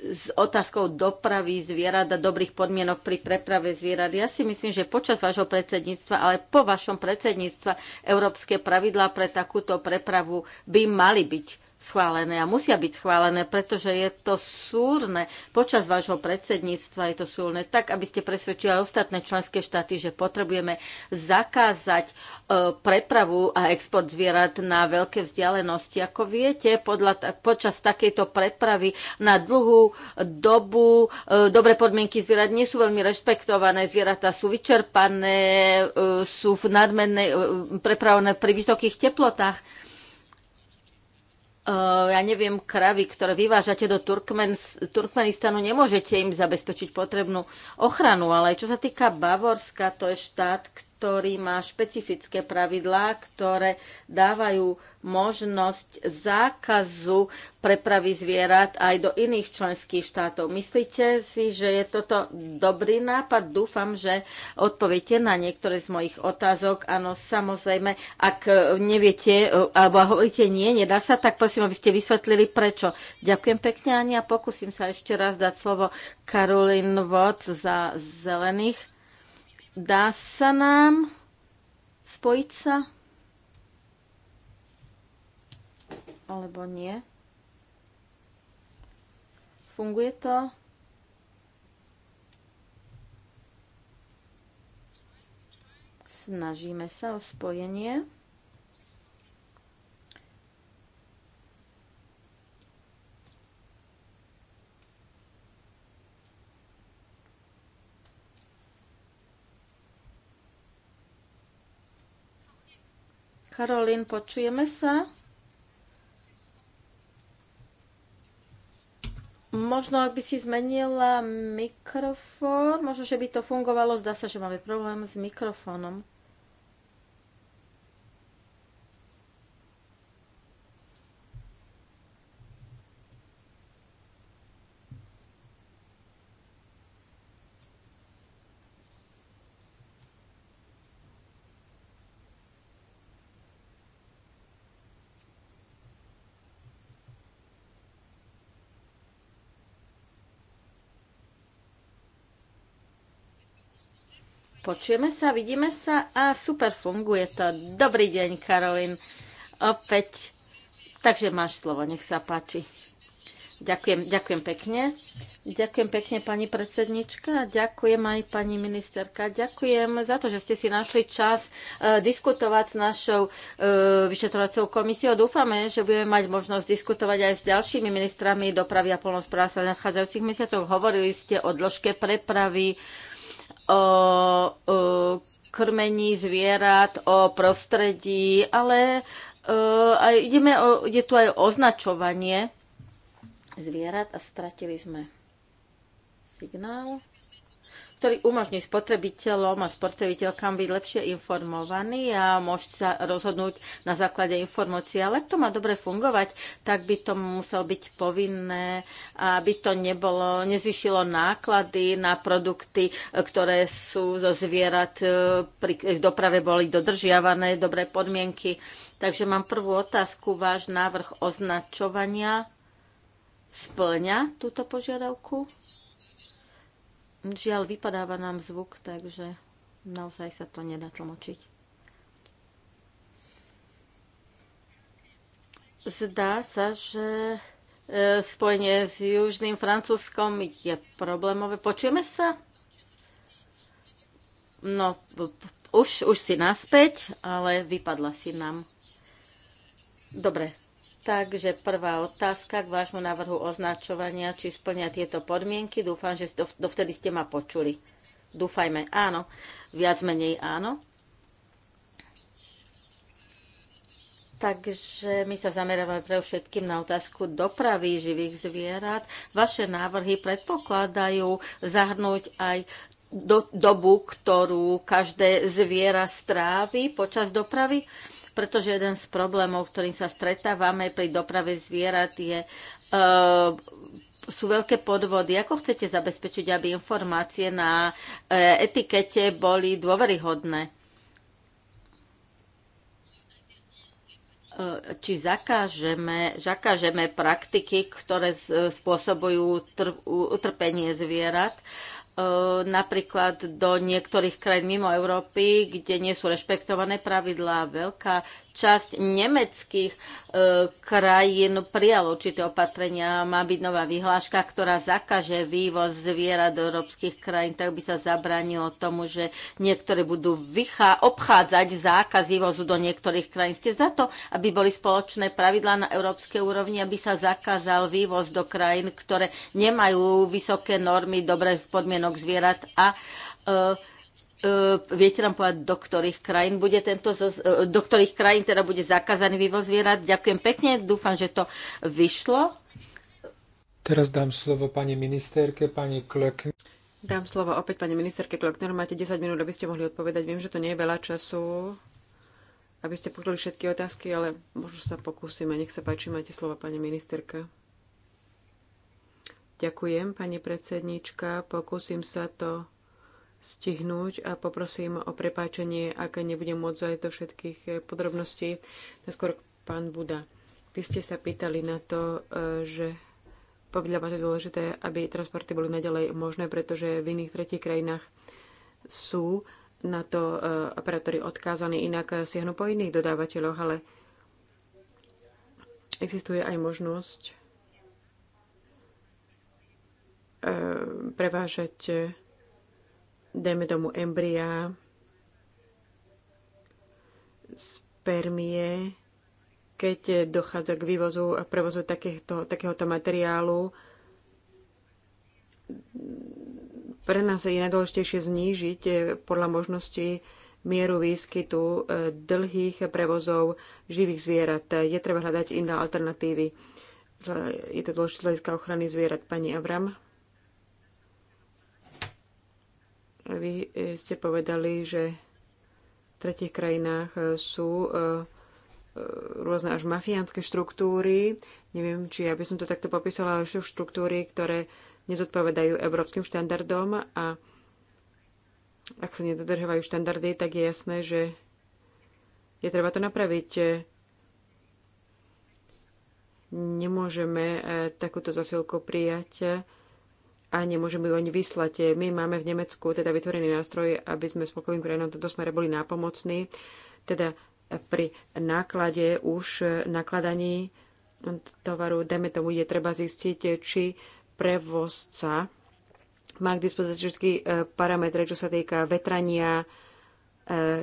Speaker 3: s otázkou dopravy zvierat a dobrých podmienok pri preprave zvierat. Ja si myslím, že počas vášho predsedníctva, ale po vašom predsedníctva, európske pravidlá pre takúto prepravu by mali byť schválené a musia byť schválené, pretože je to súrne. Počas vášho predsedníctva je to súrne tak, aby ste presvedčili ostatné členské štáty, že potrebujeme zakázať e, prepravu a export zvierat na veľké vzdialenosti. Ako viete, podľa, počas takejto prepravy na dlhú dobu e, dobre podmienky zvierat nie sú veľmi rešpektované. Zvieratá sú vyčerpané, e, sú v nadmennej, prepravené pri vysokých teplotách. Eh, ja neviem, kravy, ktoré vyvážate do Turkmen, Turkmenistanu, nemôžete im zabezpečiť potrebnú ochranu. Ale čo sa týka Bavorska, to je štát, ktorý ktorý má špecifické pravidlá, ktoré dávajú možnosť zákazu prepravy zvierat aj do iných členských štátov. Myslíte si, že je toto dobrý nápad? Dúfam, že odpoviete na niektoré z mojich otázok. Áno, samozrejme, ak neviete, e, alebo hovoríte nie, nedá sa, tak prosím, aby ste vysvetlili prečo. Ďakujem pekne, Ani, a pokúsim sa ešte raz dať slovo Karolín Vod za zelených. Dá sa nám spojiť sa? Alebo nie? Funguje to? Snažíme sa o spojenie. Karolín, počujeme sa? Možno, ak by si zmenila mikrofón, možno, že by to fungovalo. Zdá sa, že máme problém s mikrofónom. Počujeme sa, vidíme sa a super funguje to. Dobrý deň, Karolin. Opäť. Takže máš slovo, nech sa páči. Ďakujem, ďakujem pekne. Ďakujem pekne, pani predsednička. Ďakujem aj pani ministerka. Ďakujem za to, že ste si našli čas e, diskutovať s našou e, vyšetrovacou komisiou. Dúfame, že budeme mať možnosť diskutovať aj s ďalšími ministrami dopravy a polnospodárstva v nadchádzajúcich mesiacoch. Hovorili ste o dĺžke prepravy, o krmení zvierat, o prostredí, ale aj, ideme o, ide tu aj označovanie zvierat a stratili sme signál ktorý umožní spotrebiteľom a spotrebiteľkám byť lepšie informovaní a môžete sa rozhodnúť na základe informácií. Ale ak to má dobre fungovať, tak by to muselo byť povinné, aby to nebolo, nezvyšilo náklady na produkty, ktoré sú zo zvierat e, pri doprave boli dodržiavané, dobré podmienky. Takže mám prvú otázku. Váš návrh označovania splňa túto požiadavku? Žiaľ, vypadáva nám zvuk, takže naozaj sa to nedá tlmočiť. Zdá sa, že e, spojenie s južným francúzskom je problémové. Počujeme sa? No, už, už si naspäť, ale vypadla si nám. Dobre, Takže prvá otázka k vášmu návrhu označovania, či splňa tieto podmienky. Dúfam, že dovtedy ste ma počuli. Dúfajme, áno. Viac menej áno. Takže my sa zamerávame pre všetkým na otázku dopravy živých zvierat. Vaše návrhy predpokladajú zahrnúť aj do, dobu, ktorú každé zviera strávi počas dopravy pretože jeden z problémov, ktorým sa stretávame pri doprave zvierat je e, sú veľké podvody. Ako chcete zabezpečiť, aby informácie na e, etikete boli dôveryhodné? E, či zakážeme, zakážeme praktiky, ktoré spôsobujú utrpenie zvierat? E, napríklad do niektorých krajín mimo Európy, kde nie sú rešpektované pravidlá. Veľká časť nemeckých e, krajín prijalo určité opatrenia. Má byť nová vyhláška, ktorá zakaže vývoz zviera do európskych krajín, tak by sa zabránilo tomu, že niektoré budú vychá, obchádzať zákaz vývozu do niektorých krajín. Ste za to, aby boli spoločné pravidlá na európskej úrovni, aby sa zakázal vývoz do krajín, ktoré nemajú vysoké normy, dobré podmienok zvierat a e, E, viete nám povedať, do ktorých krajín bude tento, e, do ktorých krajín teda bude zakázaný vývoz zvierat. Ďakujem pekne, dúfam,
Speaker 2: že to vyšlo.
Speaker 1: Teraz dám slovo pani ministerke, pani Klöck.
Speaker 2: Dám slovo opäť pani ministerke Klöckner. Máte 10 minút, aby ste mohli odpovedať. Viem, že to nie je veľa času, aby ste pokryli všetky otázky, ale možno sa pokúsime. Nech sa páči, máte slovo pani ministerka. Ďakujem, pani predsednička. Pokúsim sa to stihnúť a poprosím o prepáčenie, ak nebudem môcť zajsť do všetkých eh, podrobností. Neskôr pán Buda. Vy ste sa pýtali na to, eh, že podľa vás je dôležité, aby transporty boli naďalej možné, pretože v iných tretich krajinách sú na to eh, operátori odkázaní, inak siahnu po iných dodávateľoch, ale existuje aj možnosť prevážať dajme tomu embriá, spermie, keď dochádza k vývozu a prevozu takéhto, takéhoto materiálu, pre nás je najdôležitejšie znížiť eh, podľa možností mieru výskytu eh, dlhých prevozov živých zvierat. Je treba hľadať iné alternatívy. Je to dôležité hľadiska ochrany zvierat. Pani Avram. Vy eh, ste povedali, že v tretich krajinách eh, sú eh, rôzne až mafiánske štruktúry. Neviem, či ja by som to takto popísala, ale sú štruktúry, ktoré nezodpovedajú európskym štandardom a ak sa nedodržiavajú štandardy, tak je jasné, že je treba to napraviť. Nemôžeme takúto zasilku prijať a nemôžeme ju ani vyslať. My máme v Nemecku teda vytvorený nástroj, aby sme spolkovým krajinom v tomto smere boli nápomocní, teda pri náklade už nakladaní tovaru, dajme tomu, je treba zistiť, či prevozca má k dispozícii všetky e, parametre, čo sa týka vetrania, e,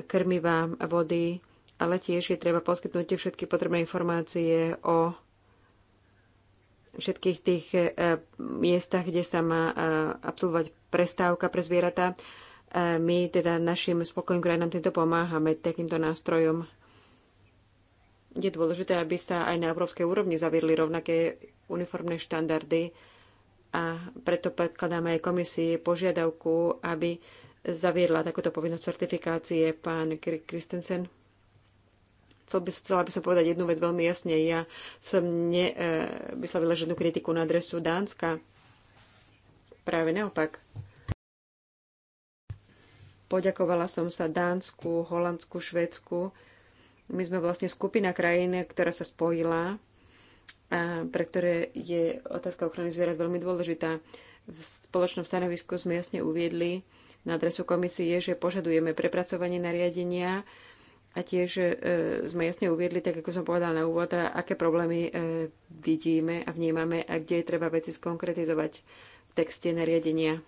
Speaker 2: krmiva, vody, ale tiež je treba poskytnúť všetky potrebné informácie o všetkých tých e, miestach, kde sa má e, absolvovať prestávka pre zvieratá. E, my teda našim spokojným krajinám týmto pomáhame, takýmto nástrojom. Je dôležité, aby sa aj na európskej úrovni zaviedli rovnaké uniformné štandardy a preto predkladáme aj komisii požiadavku, aby zaviedla takúto povinnosť certifikácie pán Kristensen chcel by, chcela by som povedať jednu vec veľmi jasne. Ja som nevyslavila e, žiadnu kritiku na adresu Dánska. Práve naopak. Poďakovala som sa Dánsku, Holandsku, Švedsku. My sme vlastne skupina krajín, ktorá sa spojila, a pre ktoré je otázka ochrany zvierat veľmi dôležitá. V spoločnom stanovisku sme jasne uviedli na adresu komisie, že požadujeme prepracovanie nariadenia, a tiež e, sme jasne uviedli, tak ako som povedala na úvod, a aké problémy e, vidíme a vnímame a kde je treba veci skonkretizovať v texte nariadenia.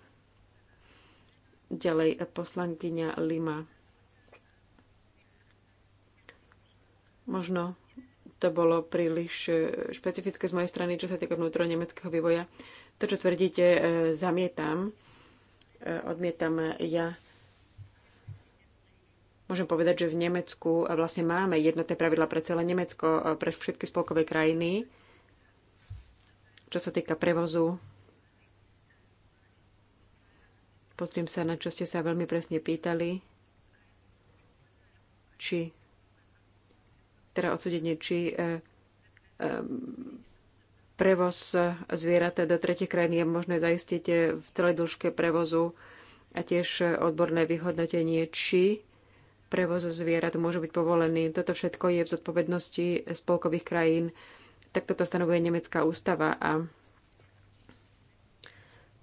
Speaker 2: Ďalej e, poslankyňa Lima. Možno to bolo príliš e, špecifické z mojej strany, čo sa týka vnútro nemeckého vývoja. To, čo tvrdíte, e, zamietam. E, odmietam ja Môžem povedať, že v Nemecku e, vlastne máme jednotné pravidla pre celé Nemecko, e, pre všetky spolkové krajiny, čo sa týka prevozu. Pozriem sa, na čo ste sa veľmi presne pýtali. Či, teda odsudenie, či e, e, prevoz zvieraté do tretej krajiny je možné zaistiť e, v celej dĺžke prevozu a tiež odborné vyhodnotenie, či prevoz zvierat môže byť povolený. Toto všetko je v zodpovednosti spolkových krajín. Tak toto stanovuje nemecká ústava a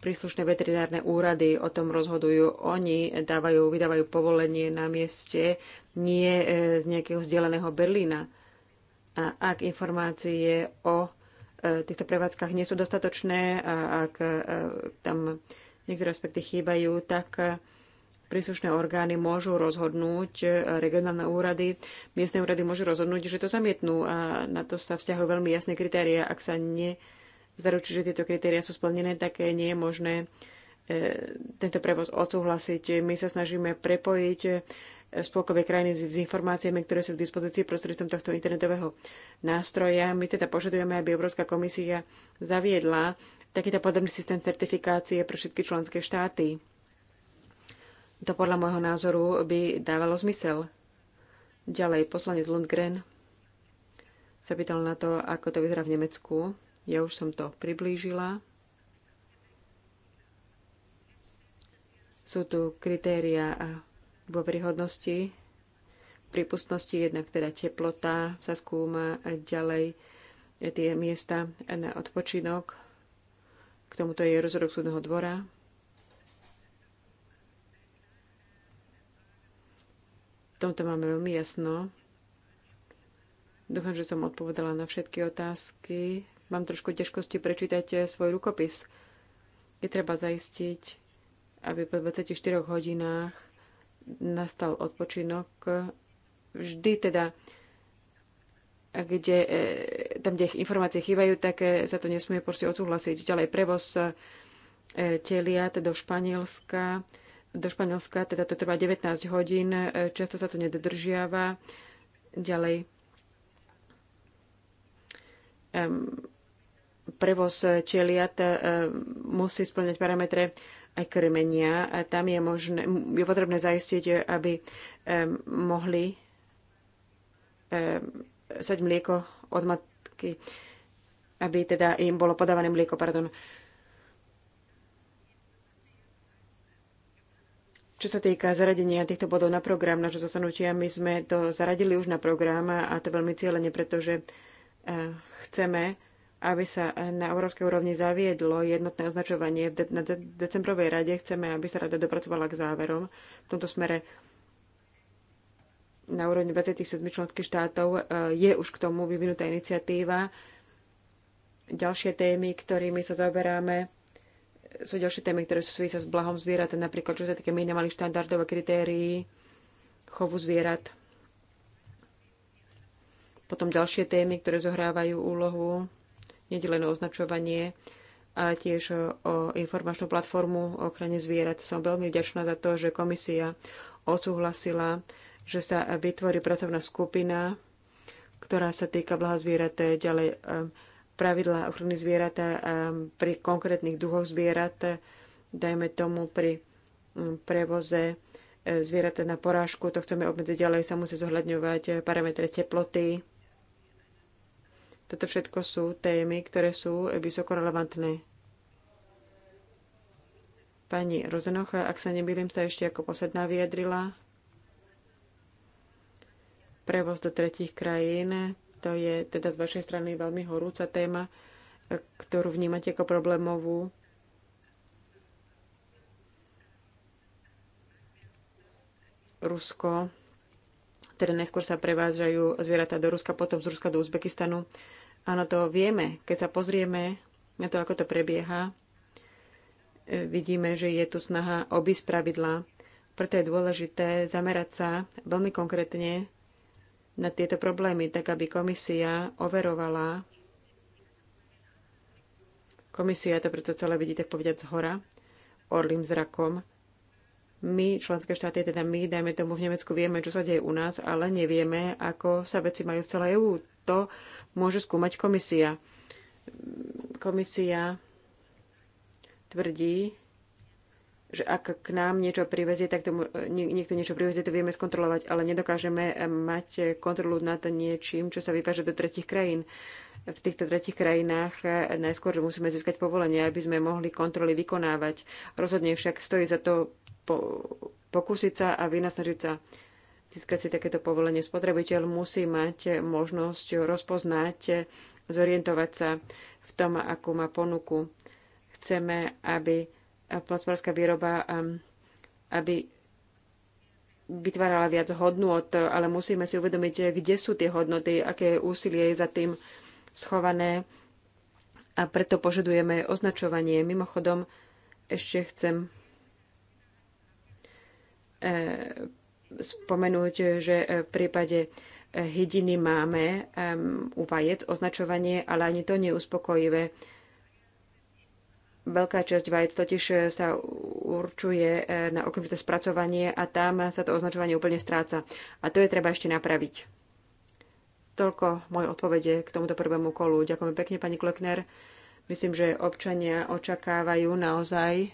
Speaker 2: príslušné veterinárne úrady o tom rozhodujú. Oni dávajú, vydávajú povolenie na mieste, nie e, z nejakého vzdialeného Berlína. A ak informácie o e, týchto prevádzkach nie sú dostatočné a ak e, tam niektoré aspekty chýbajú, tak príslušné orgány môžu rozhodnúť, e, regionálne úrady, miestne úrady môžu rozhodnúť, že to zamietnú a na to sa vzťahujú veľmi jasné kritéria. Ak sa nezaručí, že tieto kritéria sú splnené, tak nie je možné e, tento prevoz odsúhlasiť. My sa snažíme prepojiť e, spolkové krajiny s informáciami, ktoré sú k dispozícii prostredstvom tohto internetového nástroja. My teda požadujeme, aby Európska komisia zaviedla takýto podobný systém certifikácie pre všetky členské štáty. To podľa môjho názoru by dávalo zmysel. Ďalej, poslanec Lundgren sa pýtal na to, ako to vyzerá v Nemecku. Ja už som to priblížila. Sú tu kritéria dôveryhodnosti, prípustnosti, jednak teda teplota sa skúma a ďalej tie miesta na odpočinok. K tomuto je rozhodok súdneho dvora. tomto mám veľmi jasno. Dúfam, že som odpovedala na všetky otázky. Mám trošku ťažkosti prečítať svoj rukopis. Je treba zaistiť, aby po 24 hodinách nastal odpočinok. Vždy teda, kde, e, tam, kde informácie chýbajú, tak sa e, to nesmie proste odsúhlasiť. Ďalej prevoz e, telia, teda do Španielska do Španielska, teda to trvá 19 hodín, e, často sa to nedodržiava. Ďalej, prevoz um, musí splňať parametre aj krmenia. A e, tam je, možné, je potrebné zaistiť, aby mohli sať mlieko od matky, aby teda im bolo podávané mlieko, pardon. Čo sa týka zaradenia týchto bodov na program nášho zasadnutia, my sme to zaradili už na program a to veľmi cieľene, pretože eh, chceme, aby sa eh, na európskej úrovni zaviedlo jednotné označovanie. Na decembrovej rade chceme, aby sa rada dopracovala k záverom. V tomto smere na úrovni 27 členských štátov eh, je už k tomu vyvinutá iniciatíva. Ďalšie témy, ktorými sa zaoberáme, sú ďalšie témy, ktoré sú súvisia s blahom zvierat, napríklad čo sa týka minimálnych štandardov a kritérií chovu zvierat. Potom ďalšie témy, ktoré zohrávajú úlohu, nedelené označovanie, ale tiež o informačnú platformu o ochrane zvierat. Som veľmi vďačná za to, že komisia odsúhlasila, že sa vytvorí pracovná skupina, ktorá sa týka blaha zvierat, ďalej pravidlá ochrany zvieratá pri konkrétnych druhoch zvierat, e, dajme tomu pri prevoze e, zvieratá na porážku, to chceme obmedziť, ďalej sa musí zohľadňovať e, parametre teploty. Toto všetko sú témy, ktoré sú vysoko relevantné. Pani Rozenocha, ak sa nemýlim, sa ešte ako posledná vyjadrila. Prevoz do tretich krajín, to je teda z vašej strany veľmi horúca téma, e, ktorú vnímate ako problémovú. Rusko, teda najskôr sa prevážajú zvieratá do Ruska, potom z Ruska do Uzbekistanu. Áno, to vieme. Keď sa pozrieme na to, ako to prebieha, e, vidíme, že je tu snaha obísť pravidlá. Preto je dôležité zamerať sa veľmi konkrétne na tieto problémy, tak aby komisia overovala. Komisia to preto celé vidí, tak povedať, z hora, orlým zrakom. My, členské štáty, teda my, dajme tomu v Nemecku, vieme, čo sa deje u nás, ale nevieme, ako sa veci majú v celej EU. To môže skúmať komisia. Komisia tvrdí, že ak k nám niečo privezie, tak tomu, e, niekto niečo privezie, to vieme skontrolovať, ale nedokážeme e, mať e, kontrolu nad niečím, čo sa vyváža do tretich krajín. V týchto tretich krajinách najskôr musíme získať povolenie, aby sme mohli kontroly vykonávať. Rozhodne však stojí za to po, pokúsiť sa a vynasnažiť sa získať si takéto povolenie. Spotrebiteľ musí mať možnosť rozpoznať, zorientovať sa v tom, akú má ponuku. Chceme, aby plotvorská výroba, um, aby vytvárala viac hodnot, ale musíme si uvedomiť, kde sú tie hodnoty, aké úsilie je za tým schované a preto požadujeme označovanie. Mimochodom, ešte chcem eh, spomenúť, že eh, v prípade eh, hydiny máme um, u vajec označovanie, ale ani to neuspokojivé. uspokojivé Veľká časť vajec totiž sa určuje e, na okamžité spracovanie a tam sa to označovanie úplne stráca. A to je treba ešte napraviť. Toľko moje odpovede k tomuto prvému kolu. Ďakujem pekne, pani Klekner. Myslím, že občania očakávajú naozaj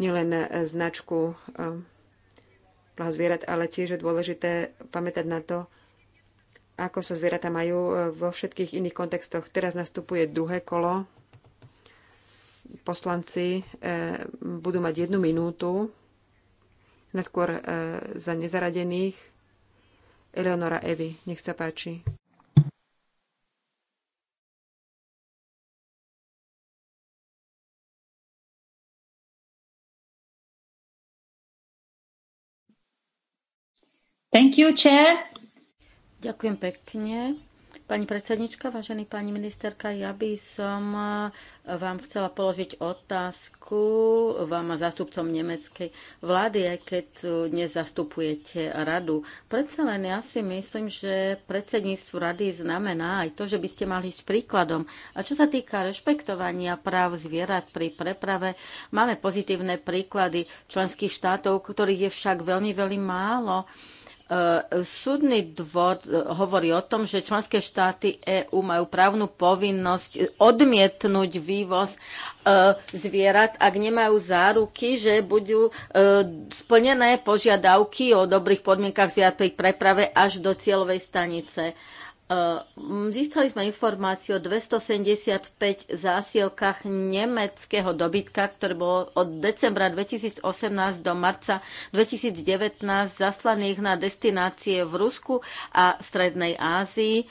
Speaker 2: nielen e, značku plah e, zvierat, ale tiež je dôležité pamätať na to, ako sa zvieratá majú vo všetkých iných kontextoch. Teraz nastupuje druhé kolo poslanci e, budú mať jednu minútu, neskôr e, za nezaradených. Eleonora Evi, nech sa páči.
Speaker 1: Thank you, chair.
Speaker 3: Ďakujem pekne. Pani predsednička, vážený pani ministerka, ja by som eh, vám chcela položiť otázku vám a zástupcom nemeckej vlády, aj keď dnes zastupujete radu. Predsa len ja si myslím, že predsedníctvo rady znamená aj to, že by ste mali ísť príkladom. A čo sa týka rešpektovania práv zvierat pri preprave, máme pozitívne príklady členských štátov, ktorých je však veľmi, veľmi málo. E, súdny dvor e, hovorí o tom, že členské štáty EÚ majú právnu povinnosť odmietnúť vývoz e, zvierat, ak nemajú záruky, že budú splnené požiadavky o dobrých podmienkach zvierat pri preprave až do cieľovej stanice. Ehm, získali sme informáciu o 275 zásielkach nemeckého dobytka, ktoré bolo od decembra 2018 do marca 2019 zaslaných na destinácie v Rusku a v Strednej Ázii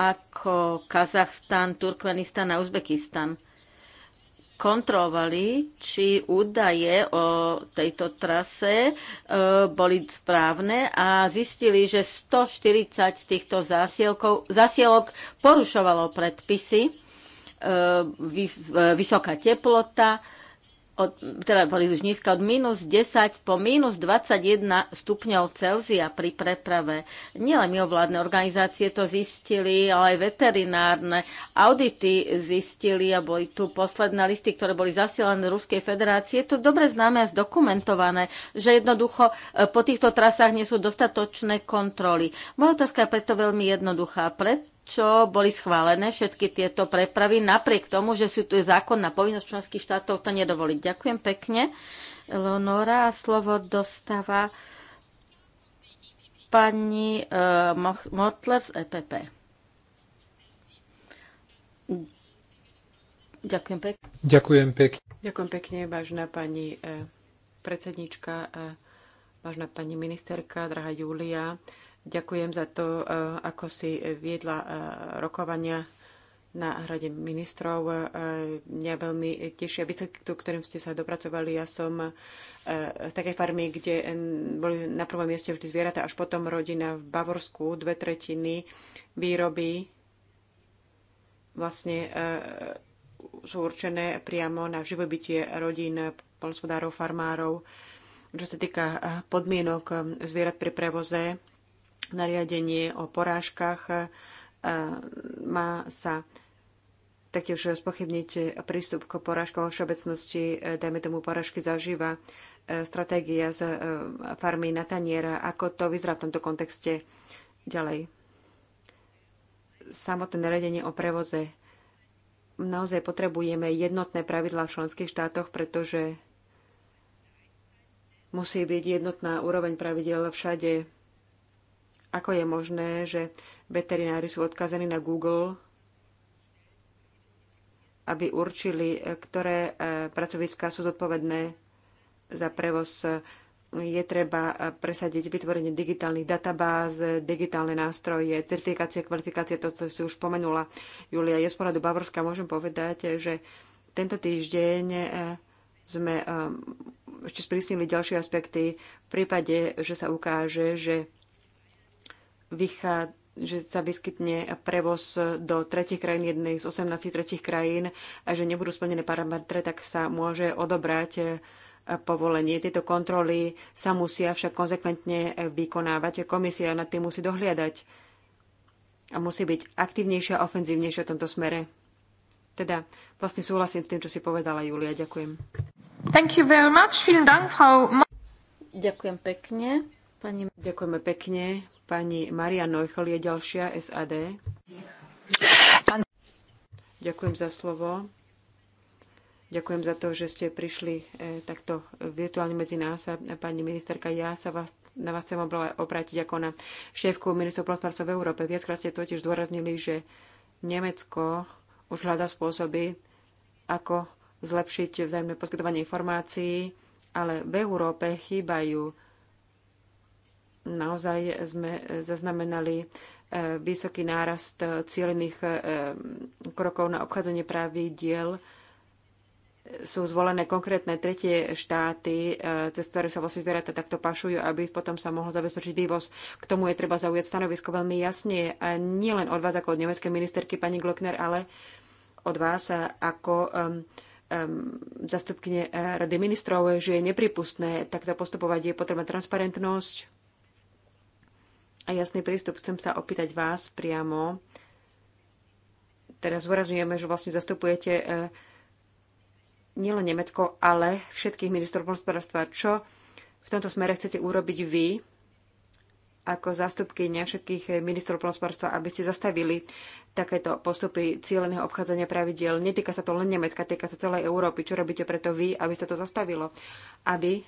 Speaker 3: ako Kazachstan, Turkmenistan a Uzbekistan kontrolovali, či údaje o tejto trase e, boli správne a zistili, že 140 z týchto zasielok porušovalo predpisy, e, e, vysoká teplota, od, teda boli už nízka od minus 10 po minus 21 stupňov Celzia pri preprave. Nielen mimovládne organizácie to zistili, ale aj veterinárne audity zistili a boli tu posledné listy, ktoré boli zasielané Ruskej federácie. Je to dobre známe a zdokumentované, že jednoducho eh, po týchto trasách nie sú dostatočné kontroly. Moja otázka je preto veľmi jednoduchá. Pred čo boli schválené všetky tieto prepravy, napriek tomu, že si tu zákonná povinnosť členských štátov to nedovoliť. Ďakujem pekne. Leonora, slovo dostáva pani uh, eh, Mortler z EPP.
Speaker 2: Ďakujem pekne.
Speaker 1: Ďakujem pekne.
Speaker 2: Ďakujem pekne, vážna pani eh, predsednička, eh, vážna pani ministerka, drahá Julia. Eh, Ďakujem za to, e, ako si viedla e, rokovania na hrade ministrov. E, mňa veľmi tešia výsledky, ktorým ste sa dopracovali. Ja som z takej farmy, kde boli na prvom mieste vždy zvieratá, až potom rodina v Bavorsku, dve tretiny výroby vlastne sú určené priamo na živobytie rodín, polnospodárov, farmárov. Čo sa týka podmienok zvierat pri prevoze, Nariadenie o porážkach e, má sa taktiež spochybniť prístup k porážkom vo všeobecnosti, e, dajme tomu porážky zažíva, e, stratégia z farmy Nataniera, ako to vyzerá v tomto kontexte ďalej. Samotné naredenie o prevoze. Naozaj potrebujeme jednotné pravidlá v členských štátoch, pretože musí byť jednotná úroveň pravidel všade ako je možné, že veterinári sú odkazaní na Google, aby určili, e, ktoré e, pracoviská sú zodpovedné za prevoz. Je treba e, presadiť vytvorenie digitálnych databáz, digitálne nástroje, certifikácie, kvalifikácie, to, čo si už spomenula Julia. Je z poradu Bavorska, môžem povedať, že tento týždeň sme ešte sprísnili ďalšie aspekty v prípade, že sa ukáže, že vychádza že sa vyskytne prevoz do tretich krajín, jednej z 18 tretich krajín a že nebudú splnené parametre, tak sa môže odobrať eh, povolenie. Tieto kontroly sa musia však konzekventne eh, vykonávať. Komisia nad tým musí dohliadať a musí byť aktívnejšia a ofenzívnejšia v tomto smere. Teda vlastne súhlasím s tým, čo si povedala Julia. Ďakujem. Thank you very much. Vielen Dank, Frau... Ďakujem pekne. Pani... Ďakujeme pekne, Pani Maria Neuchel je ďalšia SAD. Ďakujem za slovo. Ďakujem za to, že ste prišli e, takto virtuálne medzi nás. A, pani ministerka, ja sa vás, na vás chcem obrátiť ako na šéfku ministerstva plotárstva v Európe. Viackrát ste totiž zdôraznili, že Nemecko už hľada spôsoby, ako zlepšiť vzájomné poskytovanie informácií, ale v Európe chýbajú naozaj sme e, zaznamenali e, vysoký nárast e, cieľených krokov na obchádzanie pravidiel. Sú zvolené konkrétne tretie štáty, cez ktoré sa vlastne zvieratá takto pašujú, aby potom sa mohol zabezpečiť vývoz. K tomu je treba zaujať stanovisko veľmi jasne, a nie len od vás ako od nemeckej ministerky pani Glockner, ale od vás ako um, um, zastupkyne Rady ministrov, že je nepripustné takto postupovať. Je potrebná transparentnosť, a jasný prístup. Chcem sa opýtať vás priamo. Teraz zúrazujeme, že vlastne zastupujete e, nielen Nemecko, ale všetkých ministrov hospodárstva. Čo v tomto smere chcete urobiť vy ako zástupkynia všetkých ministrov hospodárstva, aby ste zastavili takéto postupy cieľeného obchádzania pravidiel. Netýka sa to len Nemecka, týka sa celej Európy. Čo robíte preto vy, aby sa to zastavilo? Aby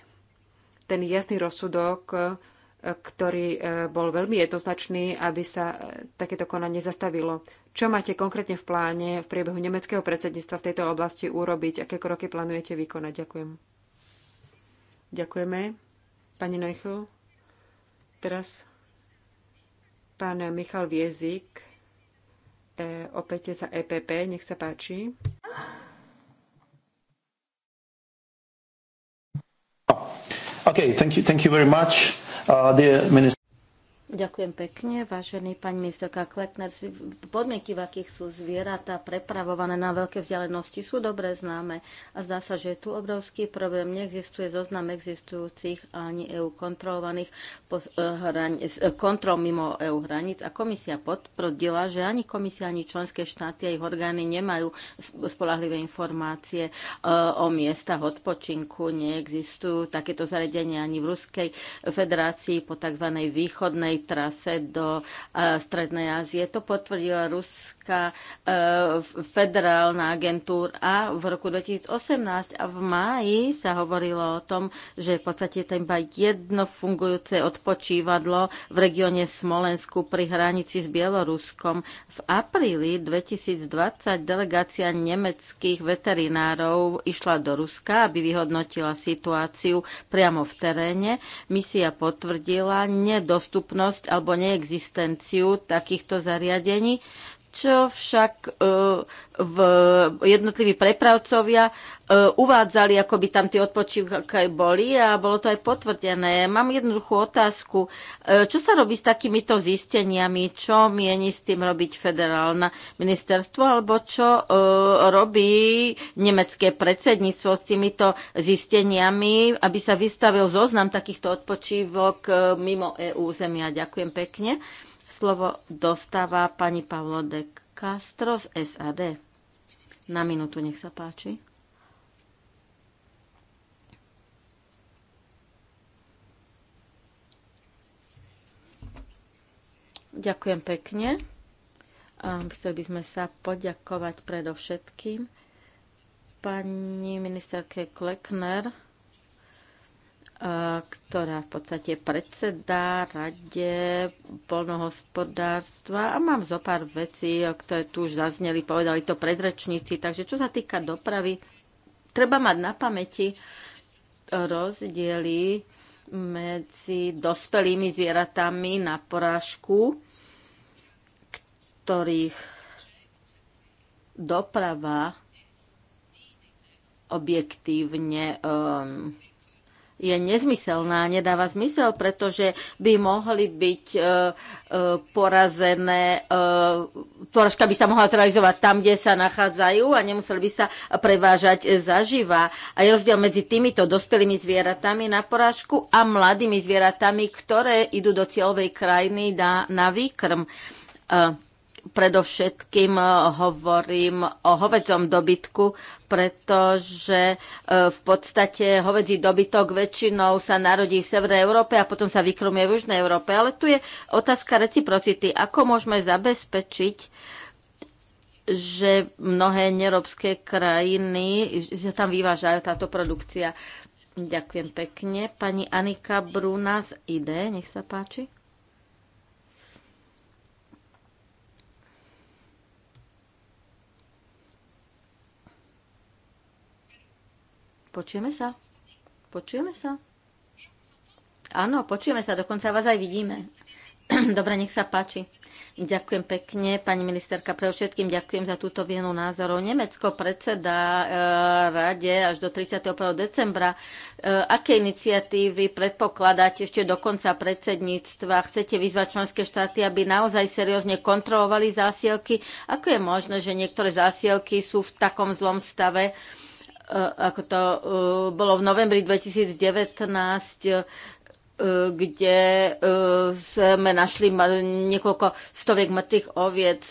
Speaker 2: ten jasný rozsudok ktorý e, bol veľmi jednoznačný, aby sa e, takéto konanie zastavilo. Čo máte konkrétne v pláne v priebehu nemeckého predsedníctva v tejto oblasti urobiť? Aké kroky plánujete vykonať? Ďakujem. Ďakujeme. Pani Neuchl. Teraz pán Michal Viezik, e, opäť za EPP. Nech sa páči. Okay, thank you, thank you very much the minister
Speaker 3: Ďakujem pekne, vážený pani ministerka Kletner. Podmienky, v akých sú zvieratá prepravované na veľké vzdialenosti, sú dobre známe a zdá sa, že je tu obrovský problém. Neexistuje zoznam existujúcich ani EU kontrolovaných eh, eh, kontrol mimo EU hraníc a komisia potvrdila, že ani komisia, ani členské štáty a ich orgány nemajú spolahlivé informácie eh, o miestach odpočinku. Neexistujú takéto zariadenia ani v Ruskej federácii po tzv. východnej trase do e, Strednej Ázie. To potvrdila Ruská e, federálna agentúra v roku 2018 a v máji sa hovorilo o tom, že v podstate tam iba jedno fungujúce odpočívadlo v regióne Smolensku pri hranici s Bieloruskom. V apríli 2020 delegácia nemeckých veterinárov išla do Ruska, aby vyhodnotila situáciu priamo v teréne. Misia potvrdila nedostupnosť prítomnosť alebo neexistenciu takýchto zariadení čo však e, v jednotliví prepravcovia e, uvádzali, ako by tam tie odpočívky boli a bolo to aj potvrdené. Mám jednoduchú otázku. E, čo sa robí s takýmito zisteniami? Čo mieni s tým robiť federálne ministerstvo? Alebo čo robí nemecké predsedníctvo s týmito zisteniami, aby sa vystavil zoznam takýchto odpočívok mimo EU zemia? Ďakujem pekne. Slovo dostáva pani Pavlo de Castro z SAD. Na minútu, nech sa páči. Ďakujem pekne. Chceli by sme sa poďakovať predovšetkým pani ministerke Klekner ktorá v podstate predsedá Rade polnohospodárstva a mám zo pár vecí, ktoré tu už zazneli, povedali to predrečníci. Takže čo sa týka dopravy, treba mať na pamäti rozdiely medzi dospelými zvieratami na porážku, ktorých doprava objektívne um, je nezmyselná, nedáva zmysel, pretože by mohli byť e, e, porazené, e, by sa mohla zrealizovať tam, kde sa nachádzajú a nemuseli by sa prevážať e, zaživa. A je rozdiel medzi týmito dospelými zvieratami na porážku a mladými zvieratami, ktoré idú do cieľovej krajiny na, na výkrm. E, predovšetkým e, hovorím o hovedzom dobytku, pretože e, v podstate hovedzí dobytok väčšinou sa narodí v Severnej Európe a potom sa vykromie v Južnej Európe. Ale tu je otázka reciprocity. Ako môžeme zabezpečiť, že mnohé neróbske krajiny, že tam vyvážajú táto produkcia? Ďakujem pekne. Pani Anika Bruna z IDE, nech sa páči. Počujeme sa? Počujeme sa? Áno, počujeme sa, dokonca vás aj vidíme. Dobre, nech sa páči. Ďakujem pekne, pani ministerka, pre všetkým ďakujem za túto vienu názorov. Nemecko predseda e, rade až do 31. decembra. E, aké iniciatívy predpokladáte ešte do konca predsedníctva? Chcete vyzvať členské štáty, aby naozaj seriózne kontrolovali zásielky? Ako je možné, že niektoré zásielky sú v takom zlom stave? E, E, ako to e, bolo v novembri 2019, e, kde sme našli niekoľko stoviek mŕtvych oviec.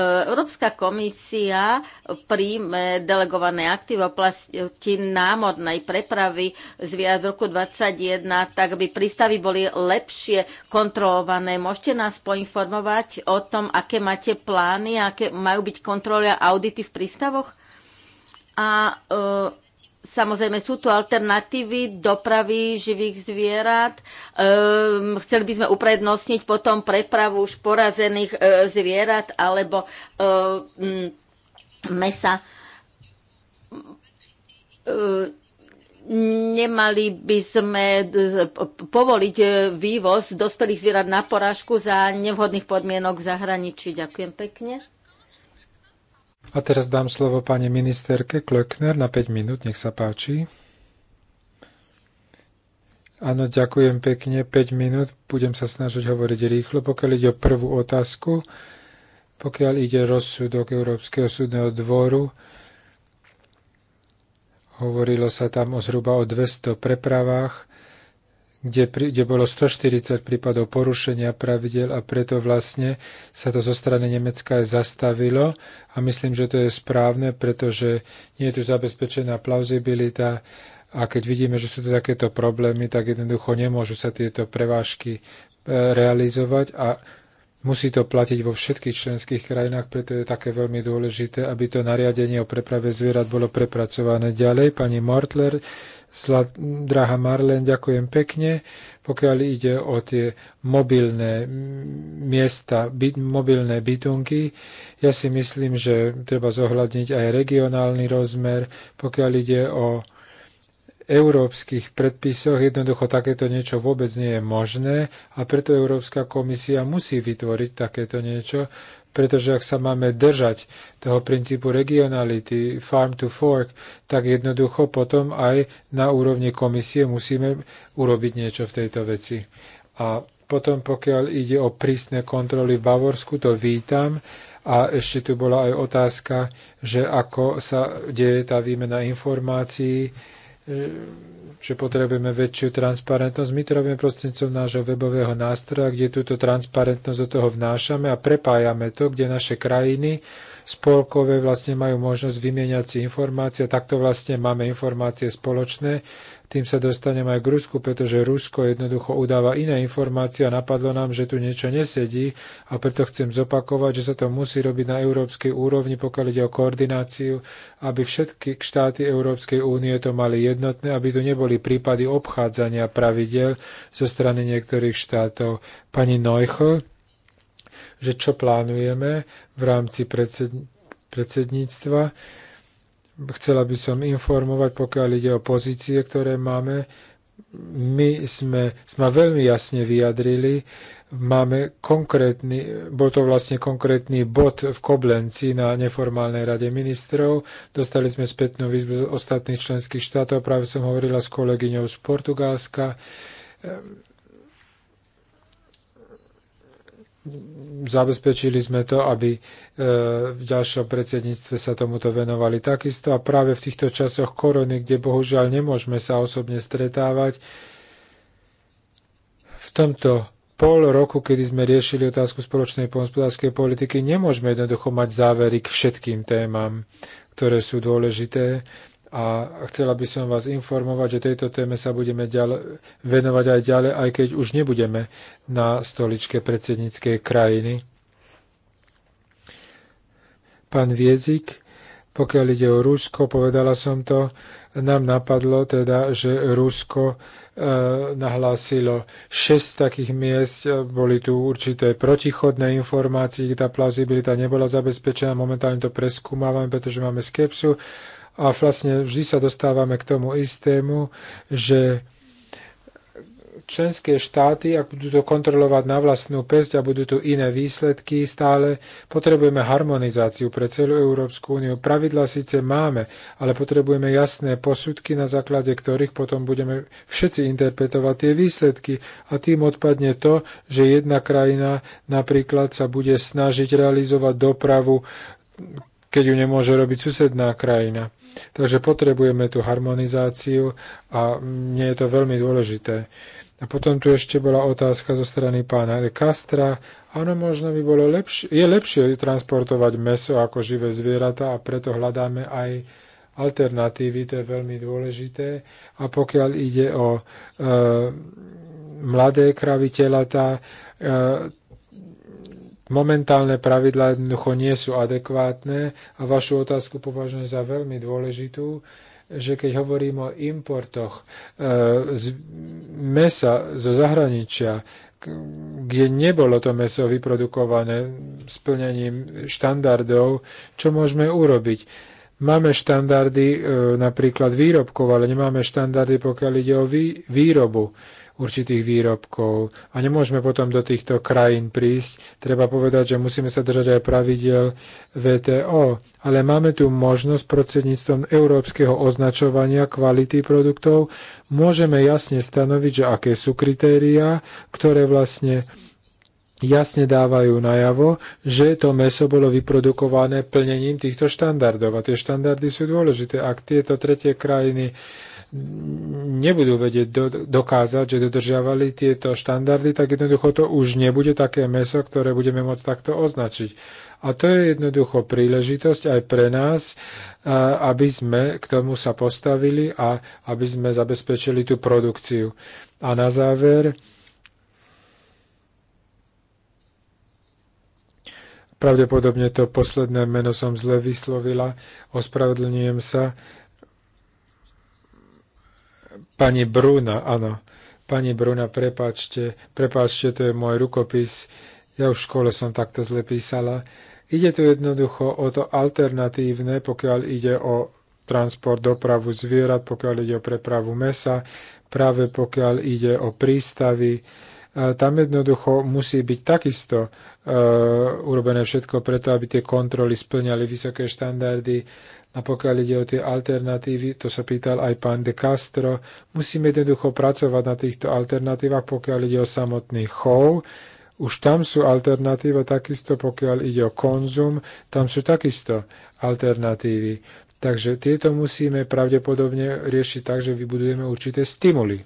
Speaker 3: Európska komisia príjme delegované akty v oblasti námornej prepravy z viac roku 2021, tak aby prístavy boli lepšie kontrolované. Môžete nás poinformovať o tom, aké máte plány, aké majú byť kontroly a audity v prístavoch? A e, Samozrejme, sú tu alternatívy dopravy živých zvierat. E, chceli by sme uprednostniť potom prepravu už porazených e, zvierat alebo e, m, mesa. E, nemali by sme povoliť e, vývoz dospelých zvierat na porážku za nevhodných podmienok v zahraničí. Ďakujem pekne.
Speaker 1: A teraz dám slovo pani ministerke Klöckner na 5 minút, nech sa páči. Áno, ďakujem pekne, 5 minút, budem sa snažiť hovoriť rýchlo. Pokiaľ ide o prvú otázku, pokiaľ ide rozsudok Európskeho súdneho dvoru, hovorilo sa tam o zhruba o 200 prepravách, kde, pri, kde bolo 140 prípadov porušenia pravidel a preto vlastne sa to zo strany Nemecka aj zastavilo a myslím, že to je správne, pretože nie je tu zabezpečená plauzibilita a keď vidíme, že sú tu takéto problémy, tak jednoducho nemôžu sa tieto prevážky e, realizovať a Musí to platiť vo všetkých členských krajinách, preto je také veľmi dôležité, aby to nariadenie o preprave zvierat bolo prepracované ďalej. Pani Mortler, sla, drahá Marlen, ďakujem pekne. Pokiaľ ide o tie mobilné miesta, byt, mobilné bytunky, ja si myslím, že treba zohľadniť aj regionálny rozmer. Pokiaľ ide o európskych predpisoch jednoducho takéto niečo vôbec nie je možné a preto Európska komisia musí vytvoriť takéto niečo, pretože ak sa máme držať toho princípu regionality, farm to fork, tak jednoducho potom aj na úrovni komisie musíme urobiť niečo v tejto veci. A potom pokiaľ ide o prísne kontroly v Bavorsku, to vítam. A ešte tu bola aj otázka, že ako sa deje tá výmena informácií že potrebujeme väčšiu transparentnosť. My to robíme prostredníctvom nášho webového nástroja, kde túto transparentnosť do toho vnášame a prepájame to, kde naše krajiny spolkové vlastne majú možnosť vymieňať si informácie. Takto vlastne máme informácie spoločné tým sa dostanem aj k Rusku, pretože Rusko jednoducho udáva iné informácie a napadlo nám, že tu niečo nesedí a preto chcem zopakovať, že sa to musí robiť na európskej úrovni, pokiaľ ide o koordináciu, aby všetky štáty Európskej únie to mali jednotné, aby tu neboli prípady obchádzania pravidel zo strany niektorých štátov. Pani Neuchl, že čo plánujeme v rámci predsedníctva. Chcela by som informovať, pokiaľ ide o pozície, ktoré máme. My sme, sme veľmi jasne vyjadrili, máme konkrétny, bol to vlastne konkrétny bod v Koblenci na neformálnej rade ministrov. Dostali sme spätnú výzvu z ostatných členských štátov, práve som hovorila s kolegyňou z Portugalska zabezpečili sme to, aby e, v ďalšom predsedníctve sa tomuto venovali takisto. A práve v týchto časoch korony, kde bohužiaľ nemôžeme sa osobne stretávať, v tomto pol roku, kedy sme riešili otázku spoločnej pohospodárskej politiky, nemôžeme jednoducho mať závery k všetkým témam, ktoré sú dôležité a chcela by som vás informovať, že tejto téme sa budeme ďale, venovať aj ďalej, aj keď už nebudeme na stoličke predsedníckej krajiny. Pán Viezik, pokiaľ ide o Rusko, povedala som to, nám napadlo teda, že Rusko e, nahlásilo 6 takých miest, e, boli tu určité protichodné informácie, kde tá plazibilita nebola zabezpečená, momentálne to preskúmávame, pretože máme skepsu a vlastne vždy sa dostávame k tomu istému, že členské štáty, ak budú to kontrolovať na vlastnú pesť a budú tu iné výsledky stále, potrebujeme harmonizáciu pre celú Európsku úniu. Pravidla síce máme, ale potrebujeme jasné posudky, na základe ktorých potom budeme všetci interpretovať tie výsledky. A tým odpadne to, že jedna krajina napríklad sa bude snažiť realizovať dopravu keď ju nemôže robiť susedná krajina. Takže potrebujeme tú harmonizáciu a mne je to veľmi dôležité. A potom tu ešte bola otázka zo strany pána Kastra. Castra. Áno, možno by bolo lepšie, je lepšie transportovať meso ako živé zvieratá a preto hľadáme aj alternatívy, to je veľmi dôležité. A pokiaľ ide o e, mladé kravy e, momentálne pravidlá jednoducho nie sú adekvátne a vašu otázku považujem za veľmi dôležitú, že keď hovorím o importoch e, z mesa zo zahraničia, kde nebolo to meso vyprodukované splnením štandardov, čo môžeme urobiť? Máme štandardy e, napríklad výrobkov, ale nemáme štandardy, pokiaľ ide o vý, výrobu určitých výrobkov. A nemôžeme potom do týchto krajín prísť. Treba povedať, že musíme sa držať aj pravidel VTO. Ale máme tu možnosť prostredníctvom európskeho označovania kvality produktov. Môžeme jasne stanoviť, že aké sú kritériá, ktoré vlastne jasne dávajú najavo, že to meso bolo vyprodukované plnením týchto štandardov. A tie štandardy sú dôležité. Ak tieto tretie krajiny nebudú vedieť do, dokázať, že dodržiavali tieto štandardy, tak jednoducho to už nebude také meso, ktoré budeme môcť takto označiť. A to je jednoducho príležitosť aj pre nás, aby sme k tomu sa postavili a aby sme zabezpečili tú produkciu. A na záver, pravdepodobne to posledné meno som zle vyslovila, ospravedlňujem sa, Pani Bruna, áno. Pani Bruna, prepáčte, prepáčte, to je môj rukopis. Ja už v škole som takto zle písala. Ide tu jednoducho o to alternatívne, pokiaľ ide o transport, dopravu zvierat, pokiaľ ide o prepravu mesa, práve pokiaľ ide o prístavy, tam jednoducho musí byť takisto e, urobené všetko preto, aby tie kontroly splňali vysoké štandardy. A pokiaľ ide o tie alternatívy, to sa pýtal aj pán De Castro, musíme jednoducho pracovať na týchto alternatívach, pokiaľ ide o samotný chov. Už tam sú alternatíva, takisto pokiaľ ide o konzum, tam sú takisto alternatívy. Takže tieto musíme pravdepodobne riešiť tak, že vybudujeme určité stimuly.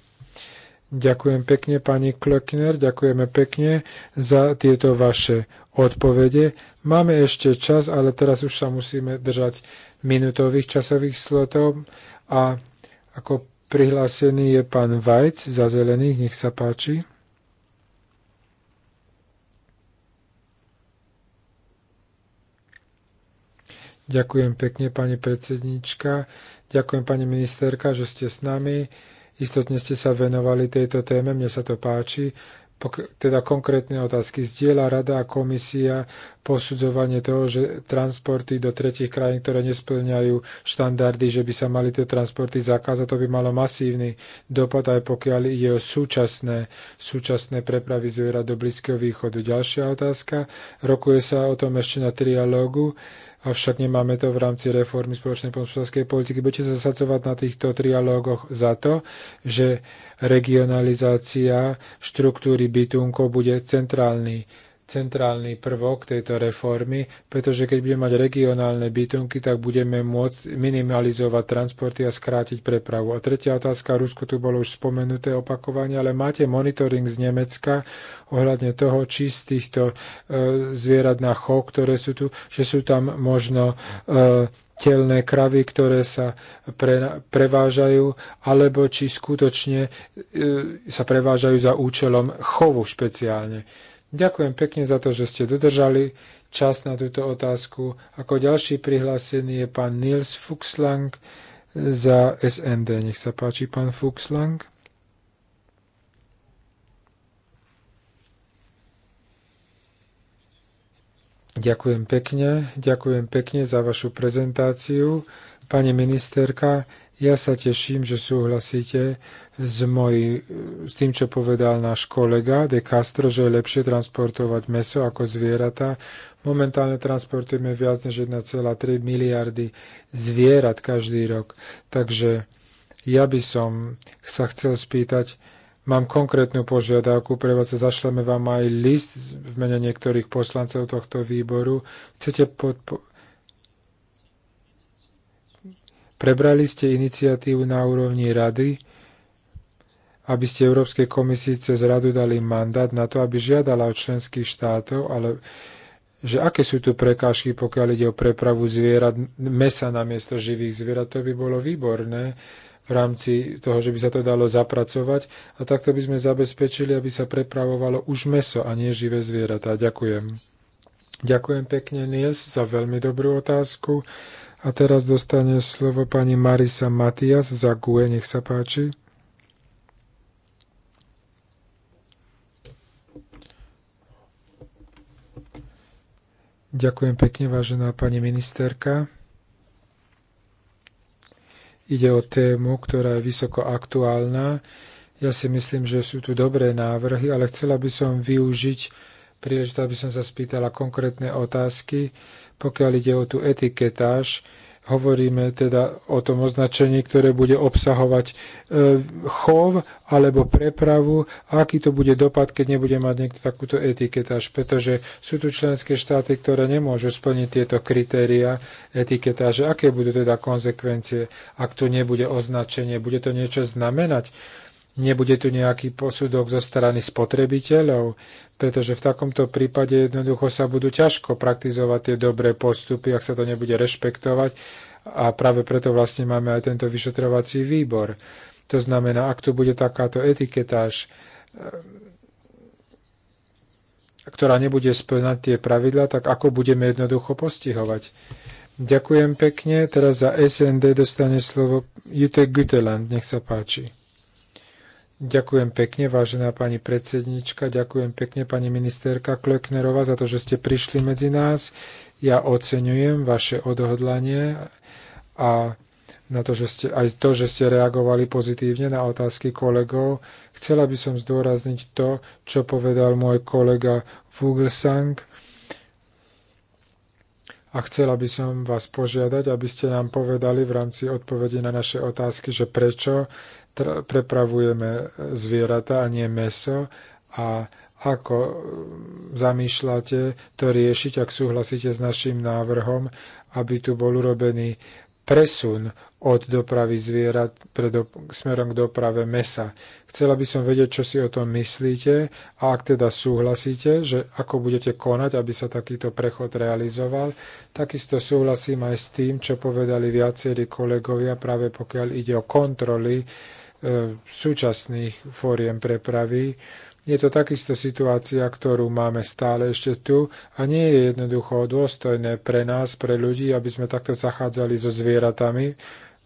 Speaker 1: Ďakujem pekne, pani Klöckner, ďakujeme pekne za tieto vaše odpovede. Máme ešte čas, ale teraz už sa musíme držať minutových časových slotov a ako prihlásený je pán Vajc za zelených, nech sa páči. Ďakujem pekne, pani predsednička. Ďakujem, pani ministerka, že ste s nami. Istotne ste sa venovali tejto téme, mne sa to páči. Teda konkrétne otázky. Zdieľa rada a komisia posudzovanie toho, že transporty do tretich krajín, ktoré nesplňajú štandardy, že by sa mali tie transporty zakázať, to by malo masívny dopad, aj pokiaľ ide o súčasné, súčasné prepravy zvierat do Blízkeho východu. Ďalšia otázka. Rokuje sa o tom ešte na trialógu avšak nemáme to v rámci reformy spoločnej podporovskej politiky. Budete zasadzovať na týchto trialógoch za to, že regionalizácia štruktúry bytunkov bude centrálny centrálny prvok tejto reformy, pretože keď budeme mať regionálne bytunky, tak budeme môcť minimalizovať transporty a skrátiť prepravu. A tretia otázka, Rusko tu bolo už spomenuté opakovanie, ale máte monitoring z Nemecka ohľadne toho, či z týchto e, zvierat na chov, ktoré sú tu, že sú tam možno e, telné kravy, ktoré sa pre, prevážajú, alebo či skutočne e, sa prevážajú za účelom chovu špeciálne. Ďakujem pekne za to, že ste dodržali čas na túto otázku. Ako ďalší prihlásený je pán Nils Fuchslang za SND. Nech sa páči, pán Fuchslang. Ďakujem pekne, ďakujem pekne za vašu prezentáciu. Pani ministerka, ja sa teším, že súhlasíte s, môj, s tým, čo povedal náš kolega De Castro, že je lepšie transportovať meso ako zvieratá. Momentálne transportujeme viac než 1,3 miliardy zvierat každý rok. Takže ja by som sa chcel spýtať, mám konkrétnu požiadavku pre vás, zašleme vám aj list v mene niektorých poslancov tohto výboru. Chcete podpo- Prebrali ste iniciatívu na úrovni rady, aby ste Európskej komisii cez radu dali mandát na to, aby žiadala od členských štátov, ale že aké sú tu prekážky, pokiaľ ide o prepravu zvierat, mesa na miesto živých zvierat, to by bolo výborné v rámci toho, že by sa to dalo zapracovať a takto by sme zabezpečili, aby sa prepravovalo už meso a nie živé zvieratá. Ďakujem. Ďakujem pekne, Niels, za veľmi dobrú otázku. A teraz dostane slovo pani Marisa Matias za GUE, nech sa páči. Ďakujem pekne, vážená pani ministerka. Ide o tému, ktorá je vysoko aktuálna. Ja si myslím, že sú tu dobré návrhy, ale chcela by som využiť príležitosť, aby som sa spýtala konkrétne otázky pokiaľ ide o tú etiketáž, hovoríme teda o tom označení, ktoré bude obsahovať e, chov alebo prepravu a aký to bude dopad, keď nebude mať niekto takúto etiketáž, pretože sú tu členské štáty, ktoré nemôžu splniť tieto kritéria etiketáže. Aké budú teda konsekvencie, ak tu nebude označenie? Bude to niečo znamenať? nebude tu nejaký posudok zo strany spotrebiteľov, pretože v takomto prípade jednoducho sa budú ťažko praktizovať tie dobré postupy, ak sa to nebude rešpektovať a práve preto vlastne máme aj tento vyšetrovací výbor. To znamená, ak tu bude takáto etiketáž, eh, ktorá nebude splňať tie pravidla, tak ako budeme jednoducho postihovať? Ďakujem pekne. Teraz za SND dostane slovo Jute Guteland. Nech sa páči. Ďakujem pekne, vážená pani predsednička, ďakujem pekne pani ministerka Klöcknerová za to, že ste prišli medzi nás. Ja oceňujem vaše odhodlanie a na to, že ste, aj to, že ste reagovali pozitívne na otázky kolegov. Chcela by som zdôrazniť to, čo povedal môj kolega Fuglsang a chcela by som vás požiadať, aby ste nám povedali v rámci odpovede na naše otázky, že prečo prepravujeme zvieratá a nie meso a ako e, zamýšľate to riešiť, ak súhlasíte s našim návrhom, aby tu bol urobený presun od dopravy zvierat pre do, smerom k doprave mesa. Chcela by som vedieť, čo si o tom myslíte a ak teda súhlasíte, že ako budete konať, aby sa takýto prechod realizoval. Takisto súhlasím aj s tým, čo povedali viacerí kolegovia, práve pokiaľ ide o kontroly E, súčasných fóriem prepravy. Je to takisto situácia, ktorú máme stále ešte tu a nie je jednoducho dôstojné pre nás, pre ľudí, aby sme takto zachádzali so zvieratami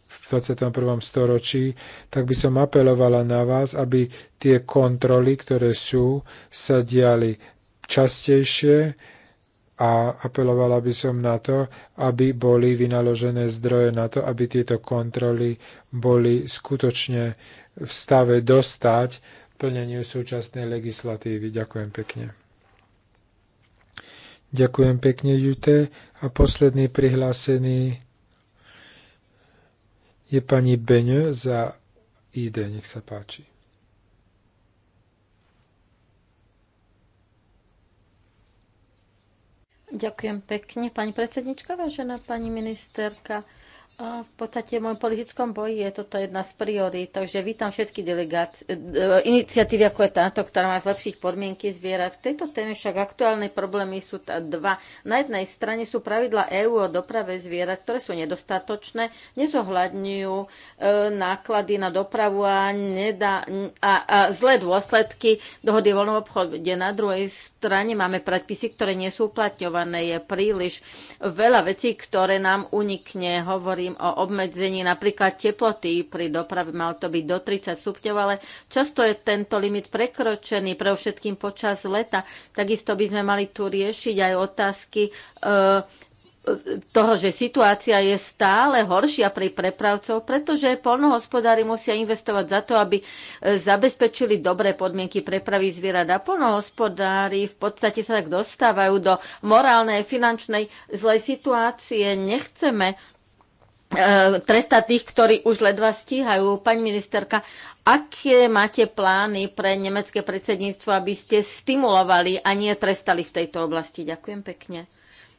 Speaker 1: v 21. storočí, tak by som apelovala na vás, aby tie kontroly, ktoré sú, sa diali častejšie, a apelovala by som na to, aby boli vynaložené zdroje na to, aby tieto kontroly boli skutočne v stave dostať plneniu súčasnej legislatívy. Ďakujem pekne. Ďakujem pekne, Jute. A posledný prihlásený je pani Beňo za ID. Nech sa páči.
Speaker 3: Ďakujem pekne, pani predsednička, vážená pani ministerka. A v podstate v môjom politickom boji je toto jedna z priorít, takže vítam všetky delegácie, e, iniciatívy, ako je táto, ktorá má zlepšiť podmienky zvierat. K tejto téme však aktuálne problémy sú dva. Na jednej strane sú pravidla EÚ o doprave zvierat, ktoré sú nedostatočné, nezohľadňujú e, náklady na dopravu a, nedá, a, a zlé dôsledky dohody o voľnom obchode. Na druhej strane máme predpisy, ktoré nie sú uplatňované. Je príliš veľa vecí, ktoré nám unikne, hovorí hovorím o obmedzení napríklad teploty pri doprave, mal to byť do 30 stupňov, ale často je tento limit prekročený, pre všetkým počas leta. Takisto by sme mali tu riešiť aj otázky e, e toho, že situácia je stále horšia pri prepravcov, pretože polnohospodári musia investovať za to, aby e, zabezpečili dobré podmienky prepravy zvierat. A polnohospodári v podstate sa tak dostávajú do morálnej, finančnej zlej situácie. Nechceme Eh, tresta tých, ktorí už ledva stíhajú. Pani ministerka, aké máte plány pre nemecké predsedníctvo, aby ste stimulovali a nie trestali v tejto oblasti? Ďakujem pekne.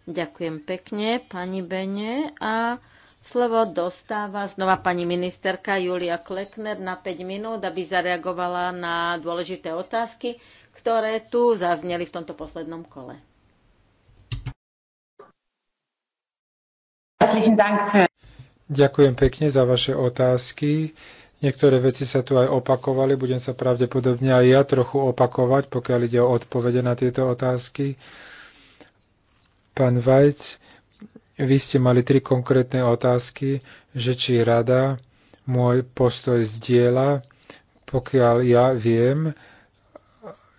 Speaker 3: Ďakujem pekne, pani Bene. A slovo dostáva znova pani ministerka Julia Kleckner na 5 minút, aby zareagovala na dôležité otázky, ktoré tu zazneli v tomto poslednom kole.
Speaker 1: Herzlichen Dank für Ďakujem pekne za vaše otázky. Niektoré veci sa tu aj opakovali, budem sa pravdepodobne aj ja trochu opakovať, pokiaľ ide o odpovede na tieto otázky. Pán Vajc, vy ste mali tri konkrétne otázky, že či rada môj postoj zdieľa, pokiaľ ja viem,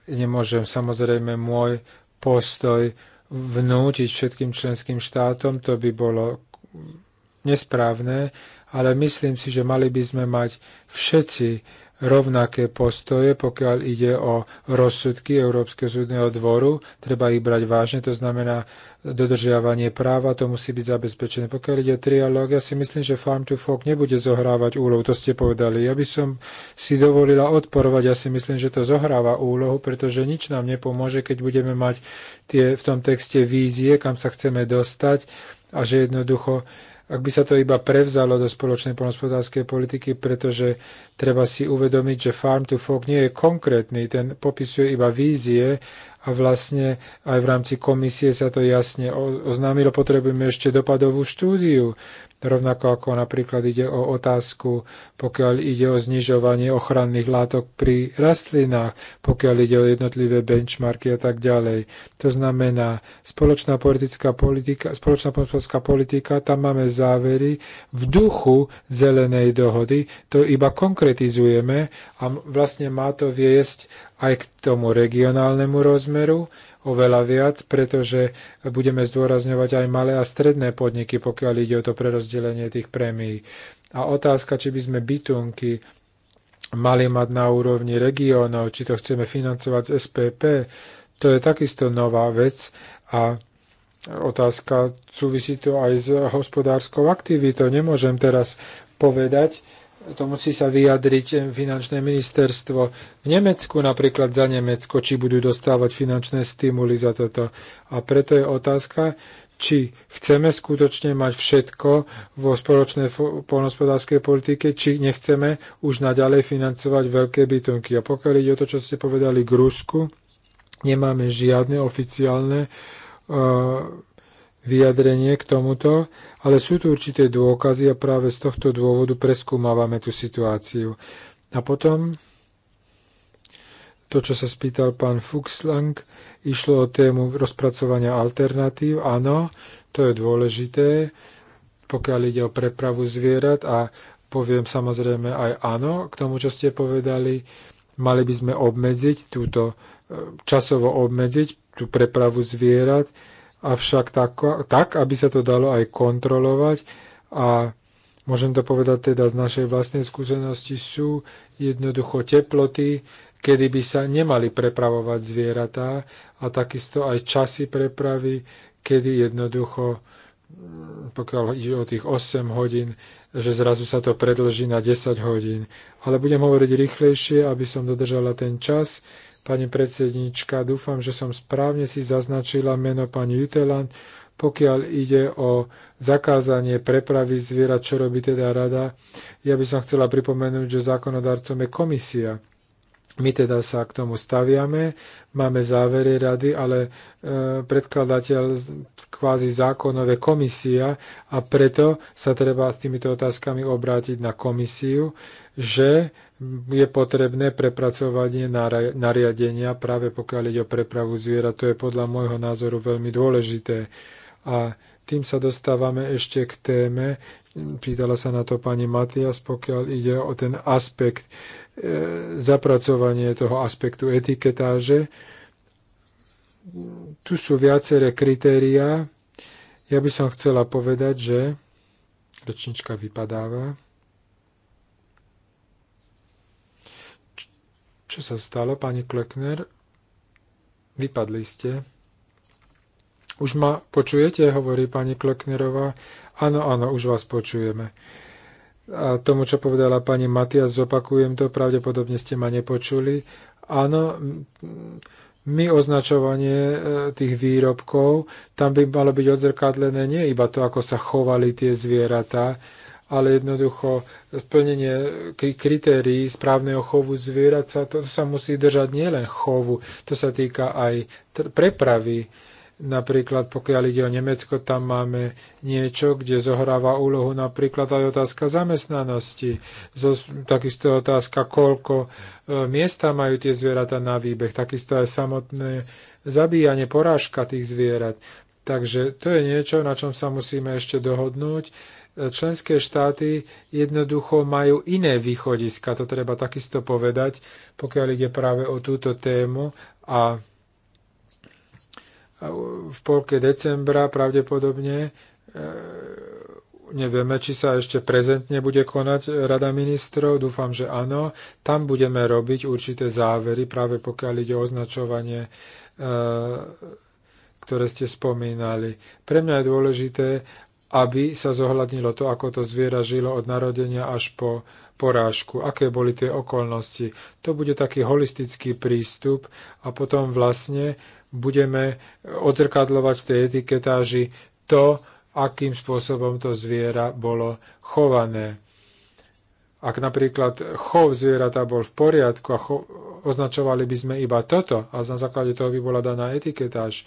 Speaker 1: nemôžem samozrejme môj postoj vnútiť všetkým členským štátom, to by bolo nesprávne, ale myslím si, že mali by sme mať všetci rovnaké postoje, pokiaľ ide o rozsudky Európskeho súdneho dvoru. Treba ich brať vážne, to znamená dodržiavanie práva, to musí byť zabezpečené. Pokiaľ ide o trialóg, ja si myslím, že Farm to Fork nebude zohrávať úlohu, to ste povedali. Ja by som si dovolila odporovať, ja si myslím, že to zohráva úlohu, pretože nič nám nepomôže, keď budeme mať tie, v tom texte vízie, kam sa chceme dostať a že jednoducho ak by sa to iba prevzalo do spoločnej poľnospodárskej politiky, pretože treba si uvedomiť, že farm to fork nie je konkrétny, ten popisuje iba vízie a vlastne aj v rámci komisie sa to jasne oznámilo, potrebujeme ešte dopadovú štúdiu rovnako ako napríklad ide o otázku, pokiaľ ide o znižovanie ochranných látok pri rastlinách, pokiaľ ide o jednotlivé benchmarky a tak ďalej. To znamená, spoločná politická politika, spoločná politická politika, tam máme závery v duchu zelenej dohody, to iba konkretizujeme a vlastne má to viesť aj k tomu regionálnemu rozmeru oveľa viac, pretože budeme zdôrazňovať aj malé a stredné podniky, pokiaľ ide o to prerozdelenie tých prémií. A otázka, či by sme bytunky mali mať na úrovni regiónov, či to chceme financovať z SPP, to je takisto nová vec a otázka súvisí to aj s hospodárskou aktivitou. Nemôžem teraz povedať, to musí sa vyjadriť finančné ministerstvo v Nemecku, napríklad za Nemecko, či budú dostávať finančné stimuly za toto. A preto je otázka, či chceme skutočne mať všetko vo spoločnej poľnohospodárskej politike, či nechceme už naďalej financovať veľké bytunky. A pokiaľ ide o to, čo ste povedali k Rusku, nemáme žiadne oficiálne uh, vyjadrenie k tomuto, ale sú tu určité dôkazy a práve z tohto dôvodu preskúmávame tú situáciu. A potom to, čo sa spýtal pán Fuchslang, išlo o tému rozpracovania alternatív. Áno, to je dôležité, pokiaľ ide o prepravu zvierat a poviem samozrejme aj áno k tomu, čo ste povedali. Mali by sme obmedziť túto, e, časovo obmedziť tú prepravu zvierat, avšak tak, tak, aby sa to dalo aj kontrolovať a môžem to povedať teda z našej vlastnej skúsenosti, sú jednoducho teploty, kedy by sa nemali prepravovať zvieratá a takisto aj časy prepravy, kedy jednoducho, mm, pokiaľ ide o tých 8 hodín, že zrazu sa to predlží na 10 hodín. Ale budem hovoriť rýchlejšie, aby som dodržala ten čas. Pani predsednička, dúfam, že som správne si zaznačila meno pani Juteland, pokiaľ ide o zakázanie prepravy zvierat, čo robí teda rada. Ja by som chcela pripomenúť, že zákonodarcom je komisia. My teda sa k tomu staviame, máme závery rady, ale e, predkladateľ kvázi zákonové komisia a preto sa treba s týmito otázkami obrátiť na komisiu, že je potrebné prepracovanie nariadenia práve pokiaľ ide o prepravu zviera, To je podľa môjho názoru veľmi dôležité. A tým sa dostávame ešte k téme, pýtala sa na to pani Matias, pokiaľ ide o ten aspekt, e, zapracovanie toho aspektu etiketáže. Tu sú viaceré kritériá. Ja by som chcela povedať, že rečnička vypadáva. Čo sa stalo, pani Klöckner? Vypadli ste. Už ma počujete, hovorí pani Kleknerová. Áno, áno, už vás počujeme. A tomu, čo povedala pani Matias, zopakujem to, pravdepodobne ste ma nepočuli. Áno, my označovanie e, tých výrobkov, tam by malo byť odzrkadlené nie iba to, ako sa chovali tie zvieratá, ale jednoducho splnenie kritérií správneho chovu zvierat sa, to sa musí držať nielen chovu, to sa týka aj prepravy. Napríklad pokiaľ ide o Nemecko, tam máme niečo, kde zohráva úlohu napríklad aj otázka zamestnanosti. takisto otázka, koľko e, miesta majú tie zvieratá na výbeh. Takisto aj samotné zabíjanie, porážka tých zvierat. Takže to je niečo, na čom sa musíme ešte dohodnúť členské štáty jednoducho majú iné východiska, to treba takisto povedať, pokiaľ ide práve o túto tému a v polke decembra pravdepodobne e, nevieme, či sa ešte prezentne bude konať Rada ministrov, dúfam, že áno. Tam budeme robiť určité závery, práve pokiaľ ide o označovanie, e, ktoré ste spomínali. Pre mňa je dôležité, aby sa zohľadnilo to, ako to zviera žilo od narodenia až po porážku, aké boli tie okolnosti. To bude taký holistický prístup a potom vlastne budeme odzrkadlovať v tej etiketáži to, akým spôsobom to zviera bolo chované. Ak napríklad chov zvieratá bol v poriadku a chov, označovali by sme iba toto a na základe toho by bola daná etiketáž,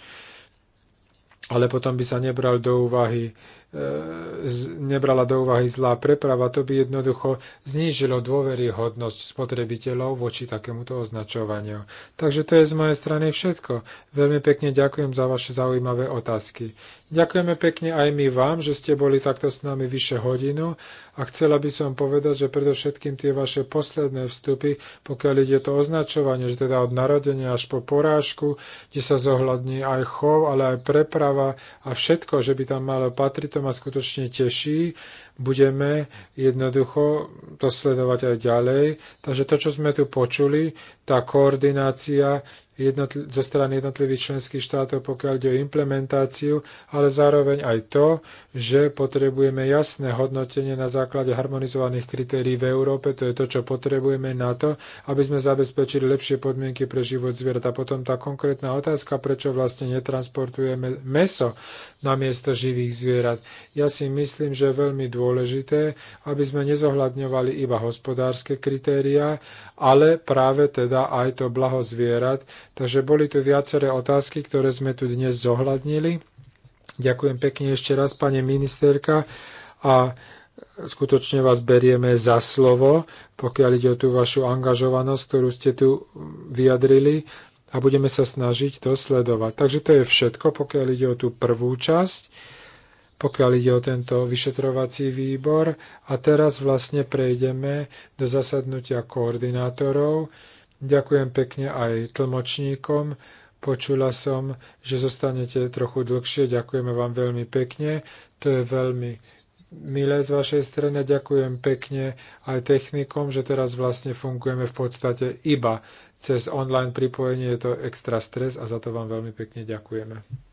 Speaker 1: ale potom by sa nebral do úvahy nebrala do úvahy zlá preprava, to by jednoducho znížilo dôveryhodnosť spotrebiteľov voči takémuto označovaniu. Takže to je z mojej strany všetko. Veľmi pekne ďakujem za vaše zaujímavé otázky. Ďakujeme pekne aj my vám, že ste boli takto s nami vyše hodinu a chcela by som povedať, že predovšetkým tie vaše posledné vstupy, pokiaľ ide to označovanie, že teda od narodenia až po porážku, kde sa zohľadní aj chov, ale aj preprava a všetko, že by tam malo patriť, to ma skutočne teší, budeme jednoducho to sledovať aj ďalej. Takže to, čo sme tu počuli, tá koordinácia jednotl- zo strany jednotlivých členských štátov, pokiaľ ide o implementáciu, ale zároveň aj to, že potrebujeme jasné hodnotenie na základe harmonizovaných kritérií v Európe, to je to, čo potrebujeme na to, aby sme zabezpečili lepšie podmienky pre život zvierat. A potom tá konkrétna otázka, prečo vlastne netransportujeme meso na miesto živých zvierat. Ja si myslím, že je veľmi dôležité, dôležité, aby sme nezohľadňovali iba hospodárske kritériá, ale práve teda aj to blaho zvierat. Takže boli tu viaceré otázky, ktoré sme tu dnes zohľadnili. Ďakujem pekne ešte raz, pani ministerka. A skutočne vás berieme za slovo, pokiaľ ide o tú vašu angažovanosť, ktorú ste tu vyjadrili a budeme sa snažiť to sledovať. Takže to je všetko, pokiaľ ide o tú prvú časť pokiaľ ide o tento vyšetrovací výbor. A teraz vlastne prejdeme do zasadnutia koordinátorov. Ďakujem pekne aj tlmočníkom. Počula som, že zostanete trochu dlhšie. Ďakujeme vám veľmi pekne. To je veľmi milé z vašej strany. Ďakujem pekne aj technikom, že teraz vlastne fungujeme v podstate iba cez online pripojenie. Je to extra stres a za to vám veľmi pekne ďakujeme.